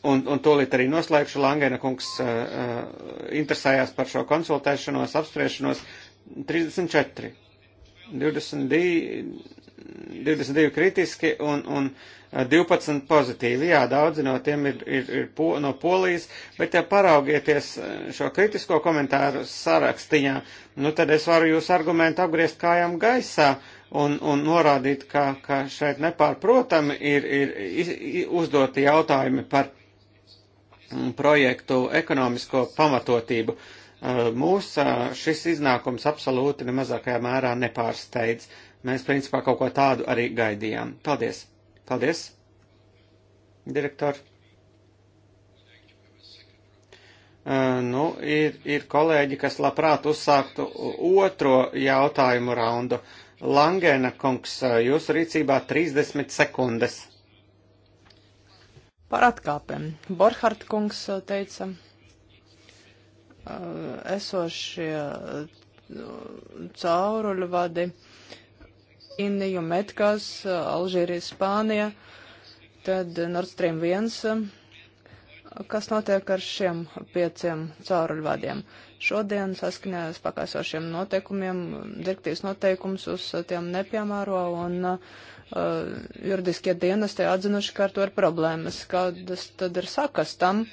un, un tūlīt arī noslēgšu, Langēna kungs uh, uh, interesējās par šo konsultēšanos, apspriešanos 34. 22, 22 kritiski un, un 12 eh, pozitīvi. Jā, daudzi no tiem ir, ir, ir po, no polijas, bet ja paraugieties eh, šo kritisko komentāru sarakstiņā, nu tad es varu jūs argumentu apgriezt kājām gaisā un, un norādīt, ka, ka šeit nepārprotami ir, ir uzdoti jautājumi par mm, projektu ekonomisko pamatotību. Eh, mūs šis iznākums absolūti nemazākajā mērā nepārsteidz. Mēs, principā, kaut ko tādu arī gaidījām. Paldies! Paldies, direktor! Uh, nu, ir, ir kolēģi, kas labprāt uzsāktu otro jautājumu raundu. Langēna kungs, jūsu rīcībā 30 sekundes. Par atkāpēm. Borhardt kungs teica, uh, esošie uh, cauruļvadi. vadi Indiju, Metkās, Alžīrija, Spānija, tad Nord Stream 1. Kas notiek ar šiem pieciem cauruļvadiem? Šodien saskaņā ar pakāsošiem noteikumiem, direktīvas noteikums uz tiem nepiemēro un uh, juridiskie dienesti atzinuši, ka ar to ir problēmas. Kādas tad ir sakas tam?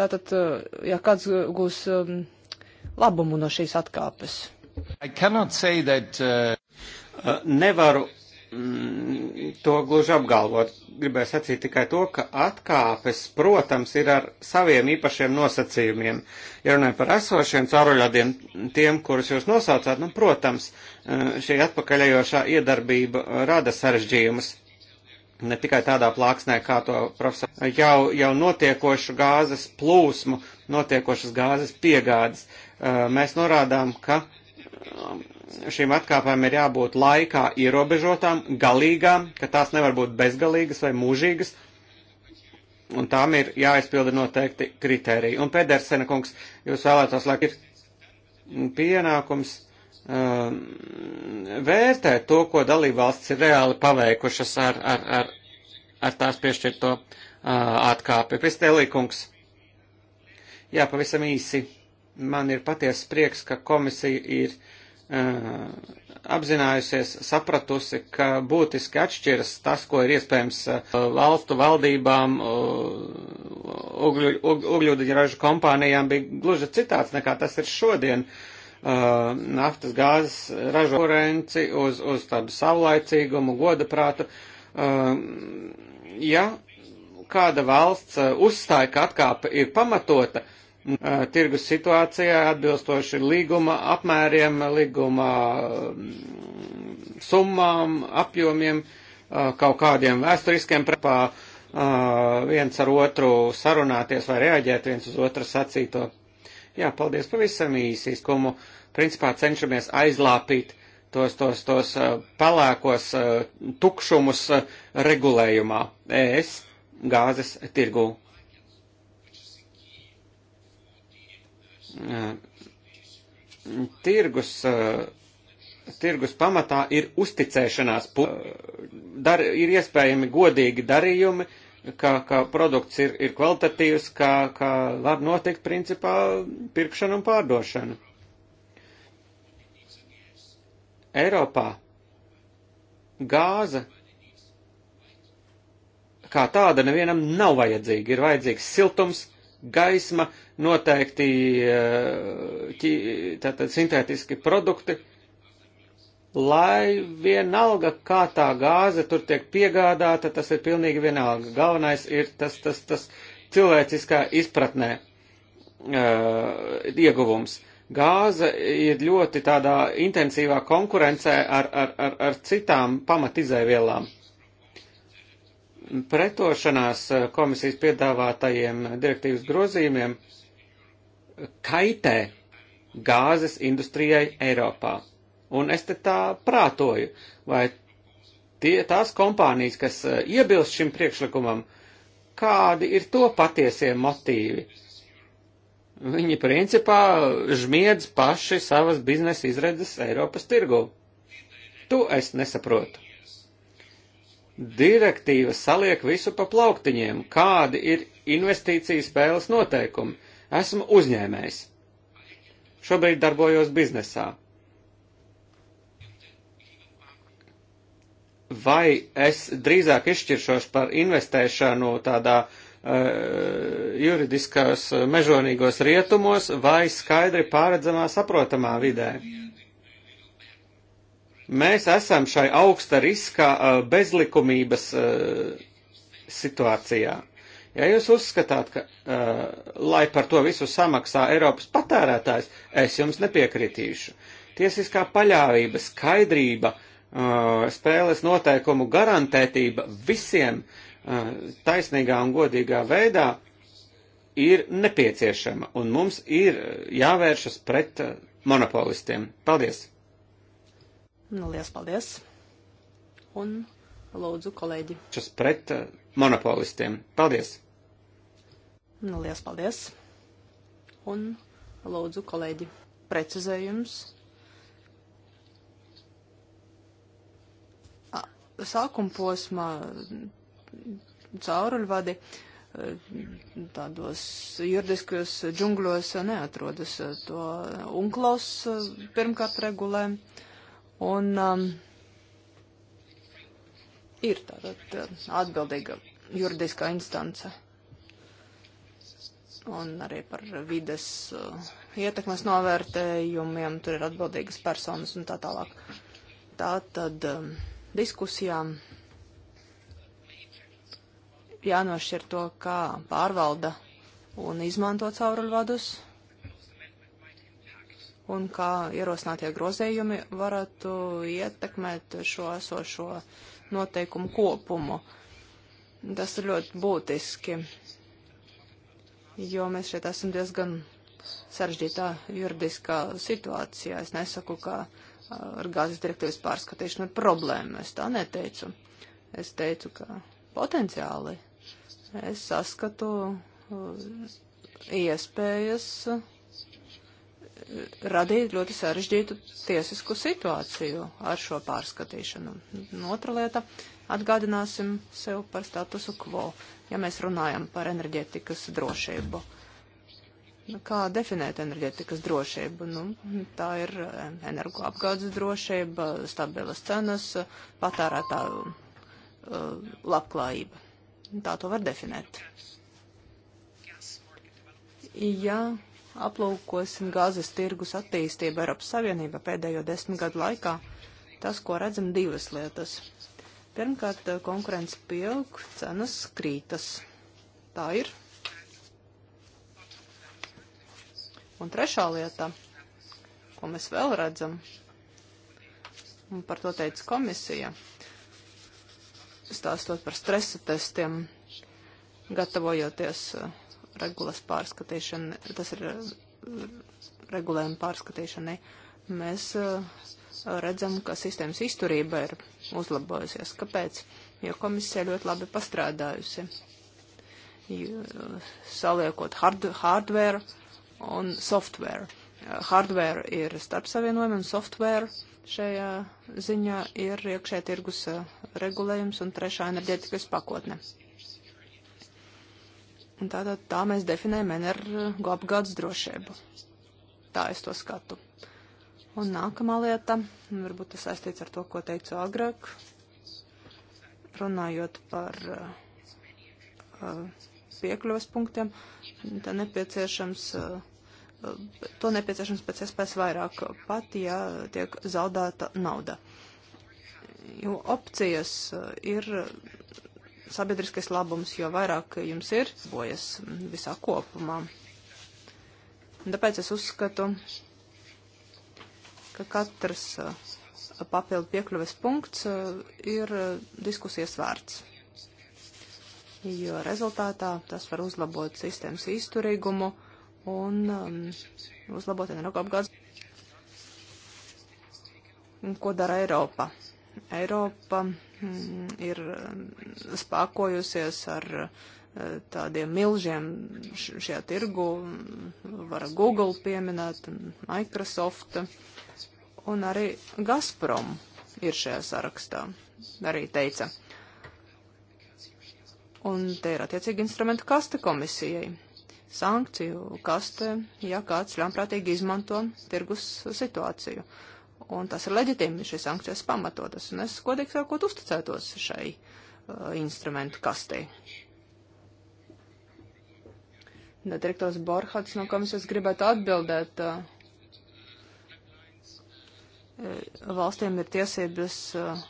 Tātad, uh, ja kāds gūs um, labumu no šīs atkāpes. That, uh... uh nevaru mm, to gluži apgalvot. Gribēju sacīt tikai to, ka atkāpes, protams, ir ar saviem īpašiem nosacījumiem. Ja runājam par esošiem cauruļādiem, tiem, kurus jūs nosaucāt, nu, protams, uh, šī atpakaļējošā iedarbība rada sarežģījumus. Ne tikai tādā plāksnē, kā to profesors jau, jau notiekošu gāzes plūsmu, notiekošas gāzes piegādes. Uh, mēs norādām, ka uh, šīm atkāpēm ir jābūt laikā ierobežotām, galīgām, ka tās nevar būt bezgalīgas vai mūžīgas, un tām ir jāizpilda noteikti kriteriji. Un Pedersena kungs, jūs vēlētos, lai ir pienākums um, vērtēt to, ko dalībvalstis ir reāli paveikušas ar, ar, ar, ar tās piešķirto uh, atkāpi. Pistēlī kungs. Jā, pavisam īsi man ir paties prieks, ka komisija ir uh, apzinājusies, sapratusi, ka būtiski atšķiras tas, ko ir iespējams uh, valstu valdībām, uh, ugļu, ug, ugļūdeņražu kompānijām, bija gluži citāds nekā tas ir šodien. Uh, naftas gāzes ražo konkurenci uz, uz tādu saulaicīgumu, godaprātu. Uh, ja kāda valsts uh, uzstāja, ka atkāpe ir pamatota, uh, tirgus situācijā atbilstoši līguma apmēriem, līguma mm, summām, apjomiem, kaut kādiem vēsturiskiem prepā viens ar otru sarunāties vai reaģēt viens uz otru sacīto. Jā, paldies pavisam īsi, kumu principā cenšamies aizlāpīt tos, tos, tos pelēkos tukšumus regulējumā ES gāzes tirgū. tirgus, eh, tirgus pamatā ir uzticēšanās. Eh, dar, ir iespējami godīgi darījumi, ka, ka produkts ir, ir kvalitatīvs, ka, ka labi notiek principā pirkšana un pārdošana. Eiropā gāza kā tāda nevienam nav vajadzīga. Ir vajadzīgs siltums, gaisma, uh, noteikti eh, ķi, tātad sintētiski produkti, lai vienalga, kā tā gāze tur tiek piegādāta, tas ir pilnīgi vienalga. Galvenais ir tas, tas, tas cilvēciskā izpratnē uh, ieguvums. Gāze ir ļoti tādā intensīvā konkurencē ar, ar, ar, ar citām pamatizēvielām pretošanās eh, komisijas piedāvātajiem direktīvas grozījumiem kaitē gāzes industrijai Eiropā. Un es te tā prātoju, vai tie, tās kompānijas, kas eh, iebilst šim priekšlikumam, kādi ir to patiesie motīvi? Viņi principā žmiedz paši savas biznesa izredzes Eiropas tirgū. To es nesaprotu. Direktīva saliek visu pa plauktiņiem, kādi ir investīciju spēles noteikumi Esmu uzņēmējs. Šobrīd darbojos biznesā. Vai es drīzāk izšķiršos par investēšanu tādā uh, juridiskās mežonīgos rietumos vai skaidri pāredzamā saprotamā vidē? Mēs esam šai augsta riska uh, bezlikumības uh, situācijā. Uh, Ja jūs uzskatāt, ka, uh, lai par to visu samaksā Eiropas patērētājs, es jums nepiekritīšu. Tiesiskā paļāvība, skaidrība, uh, spēles noteikumu garantētība visiem uh, taisnīgā un godīgā veidā ir nepieciešama, un mums ir jāvēršas pret uh, monopolistiem. Paldies! Nu, liels paldies! Un Lūdzu, kolēģi. Šas pret eh, monopolistiem. Paldies! Nu, liels paldies! Un lūdzu, kolēģi, precizējums. Sākuma posmā cauruļvadi eh, tādos juridiskajos džungļos neatrodas. Eh, to unklos pirmkārt regulē. Un um, ir tātad atbildīga juridiskā instance. Un arī par vides uh, ietekmes novērtējumiem tur ir atbildīgas personas un tā tālāk. Tātad um, diskusijām jānošķir to, kā pārvalda un izmanto cauruļvadus un kā ierosinātie grozējumi varētu ietekmēt šo esošo noteikumu kopumu. Tas ir ļoti būtiski, jo mēs šeit esam diezgan sarežģītā juridiskā situācijā. Es nesaku, ka uh, ar gāzes direktīvas pārskatīšanu ir problēma. Es tā neteicu. Es teicu, ka potenciāli es saskatu uh, iespējas. Uh, radīt ļoti sarežģītu tiesisku situāciju ar šo pārskatīšanu. Un otra lieta - atgādināsim sev par statusu quo, ja mēs runājam par enerģētikas drošību. Nu, kā definēt enerģētikas drošību? Nu, tā ir eh, energoapgādes drošība, stabilas cenas, patērētāju uh, eh, labklājība. Tā to var definēt. Ja aplūkosim gāzes tirgus attīstību Eiropas Savienībā pēdējo desmit gadu laikā, tas, ko redzam, divas lietas. Pirmkārt, konkurence pieaug, cenas krītas. Tā ir. Un trešā lieta, ko mēs vēl redzam, un par to teica komisija, stāstot par stresa testiem, gatavojoties uh, regulas pārskatīšana, tas ir regulējuma pārskatīšanai, mēs eh, redzam, ka sistēmas izturība ir uzlabojusies. Kāpēc? Jo komisija ļoti labi pastrādājusi, saliekot hard, hardware un software. Hardware ir starpsavienojumi un software šajā ziņā ir iekšē tirgus eh, regulējums un trešā enerģētikas pakotne. Un tādā tā mēs definējam energo apgādes drošību. Tā es to skatu. Un nākamā lieta, varbūt tas saistīts ar to, ko teicu agrāk, runājot par uh, uh piekļuvas punktiem, tā nepieciešams, uh, to nepieciešams pēc iespējas vairāk pat, ja tiek zaudēta nauda. Jo opcijas uh, ir sabiedriskais labums, jo vairāk jums ir bojas visā kopumā. Un tāpēc es uzskatu, ka katrs uh, papildu piekļuves punkts uh, ir uh, diskusijas vērts, jo rezultātā tas var uzlabot sistēmas izturīgumu un um, uzlabot energo apgādes. Ko dara Eiropa? Eiropa Mm, ir mm, spākojusies ar eh, tādiem milžiem šajā tirgu, mm, var Google pieminēt, Microsoft, un arī Gazprom ir šajā sarakstā, arī teica. Un te ir attiecīgi instrumenta kaste komisijai. Sankciju kaste, ja kāds ļaunprātīgi izmanto tirgus situāciju. Uh, un tas ir leģitīmi, šīs sankcijas pamatotas, un es, godīgi sakot, uzticētos šai uh, instrumentu kastei. Direktors Borhats no komisijas gribētu atbildēt. Uh, e, valstīm ir tiesības uh,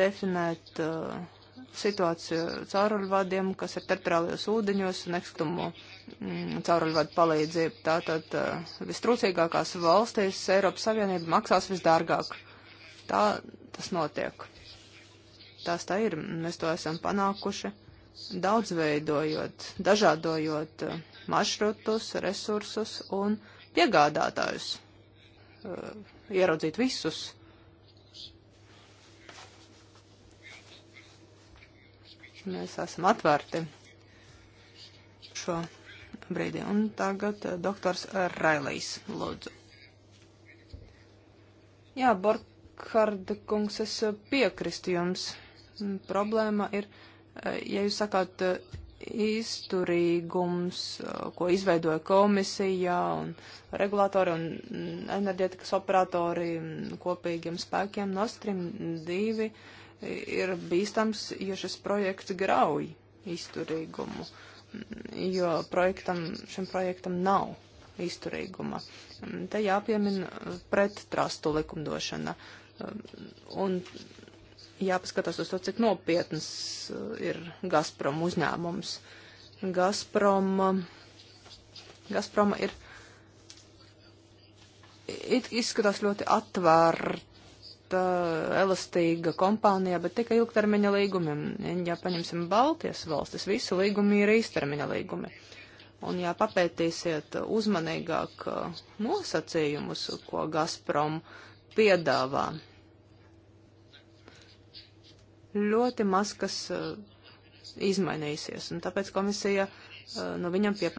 definēt uh, situāciju cauruļvadiem, kas ir teritoriālajos ūdeņos un ekstumo mm, cauruļvadu palīdzību. Tātad eh, vistrūcīgākās valstīs Eiropas Savienība maksās visdārgāk. Tā tas notiek. Tās tā ir. Mēs to esam panākuši daudzveidojot, dažādojot eh, maršrutus, resursus un piegādātājus. Eh, ieraudzīt visus mēs esam atvērti šo brīdi. Un tagad eh, doktors Railais, lūdzu. Jā, Borkarda kungs, es eh, piekristu jums. Mm, problēma ir, eh, ja jūs sakāt izturīgums, ko izveidoja komisija un regulātori un mm, enerģetikas operatori mm, kopīgiem spēkiem, Nostrim 2 ir bīstams, jo šis projekts grauj izturīgumu, jo projektam, šim projektam nav izturīguma. Te jāpiemina prettrastu likumdošana un jāpaskatās uz to, cik nopietnas uh, ir Gazprom uzņēmums. Gazprom, um, Gazproma ir it, izskatās ļoti atvērt elastīga kompānijā, bet tikai ilgtermiņa līgumiem. Ja paņemsim Baltijas valstis, visi līgumi ir īstermiņa līgumi. Un ja papētīsiet uzmanīgāk nosacījumus, ko Gazprom piedāvā, ļoti maz kas izmainīsies. Un tāpēc komisija no nu, viņam pieprasa.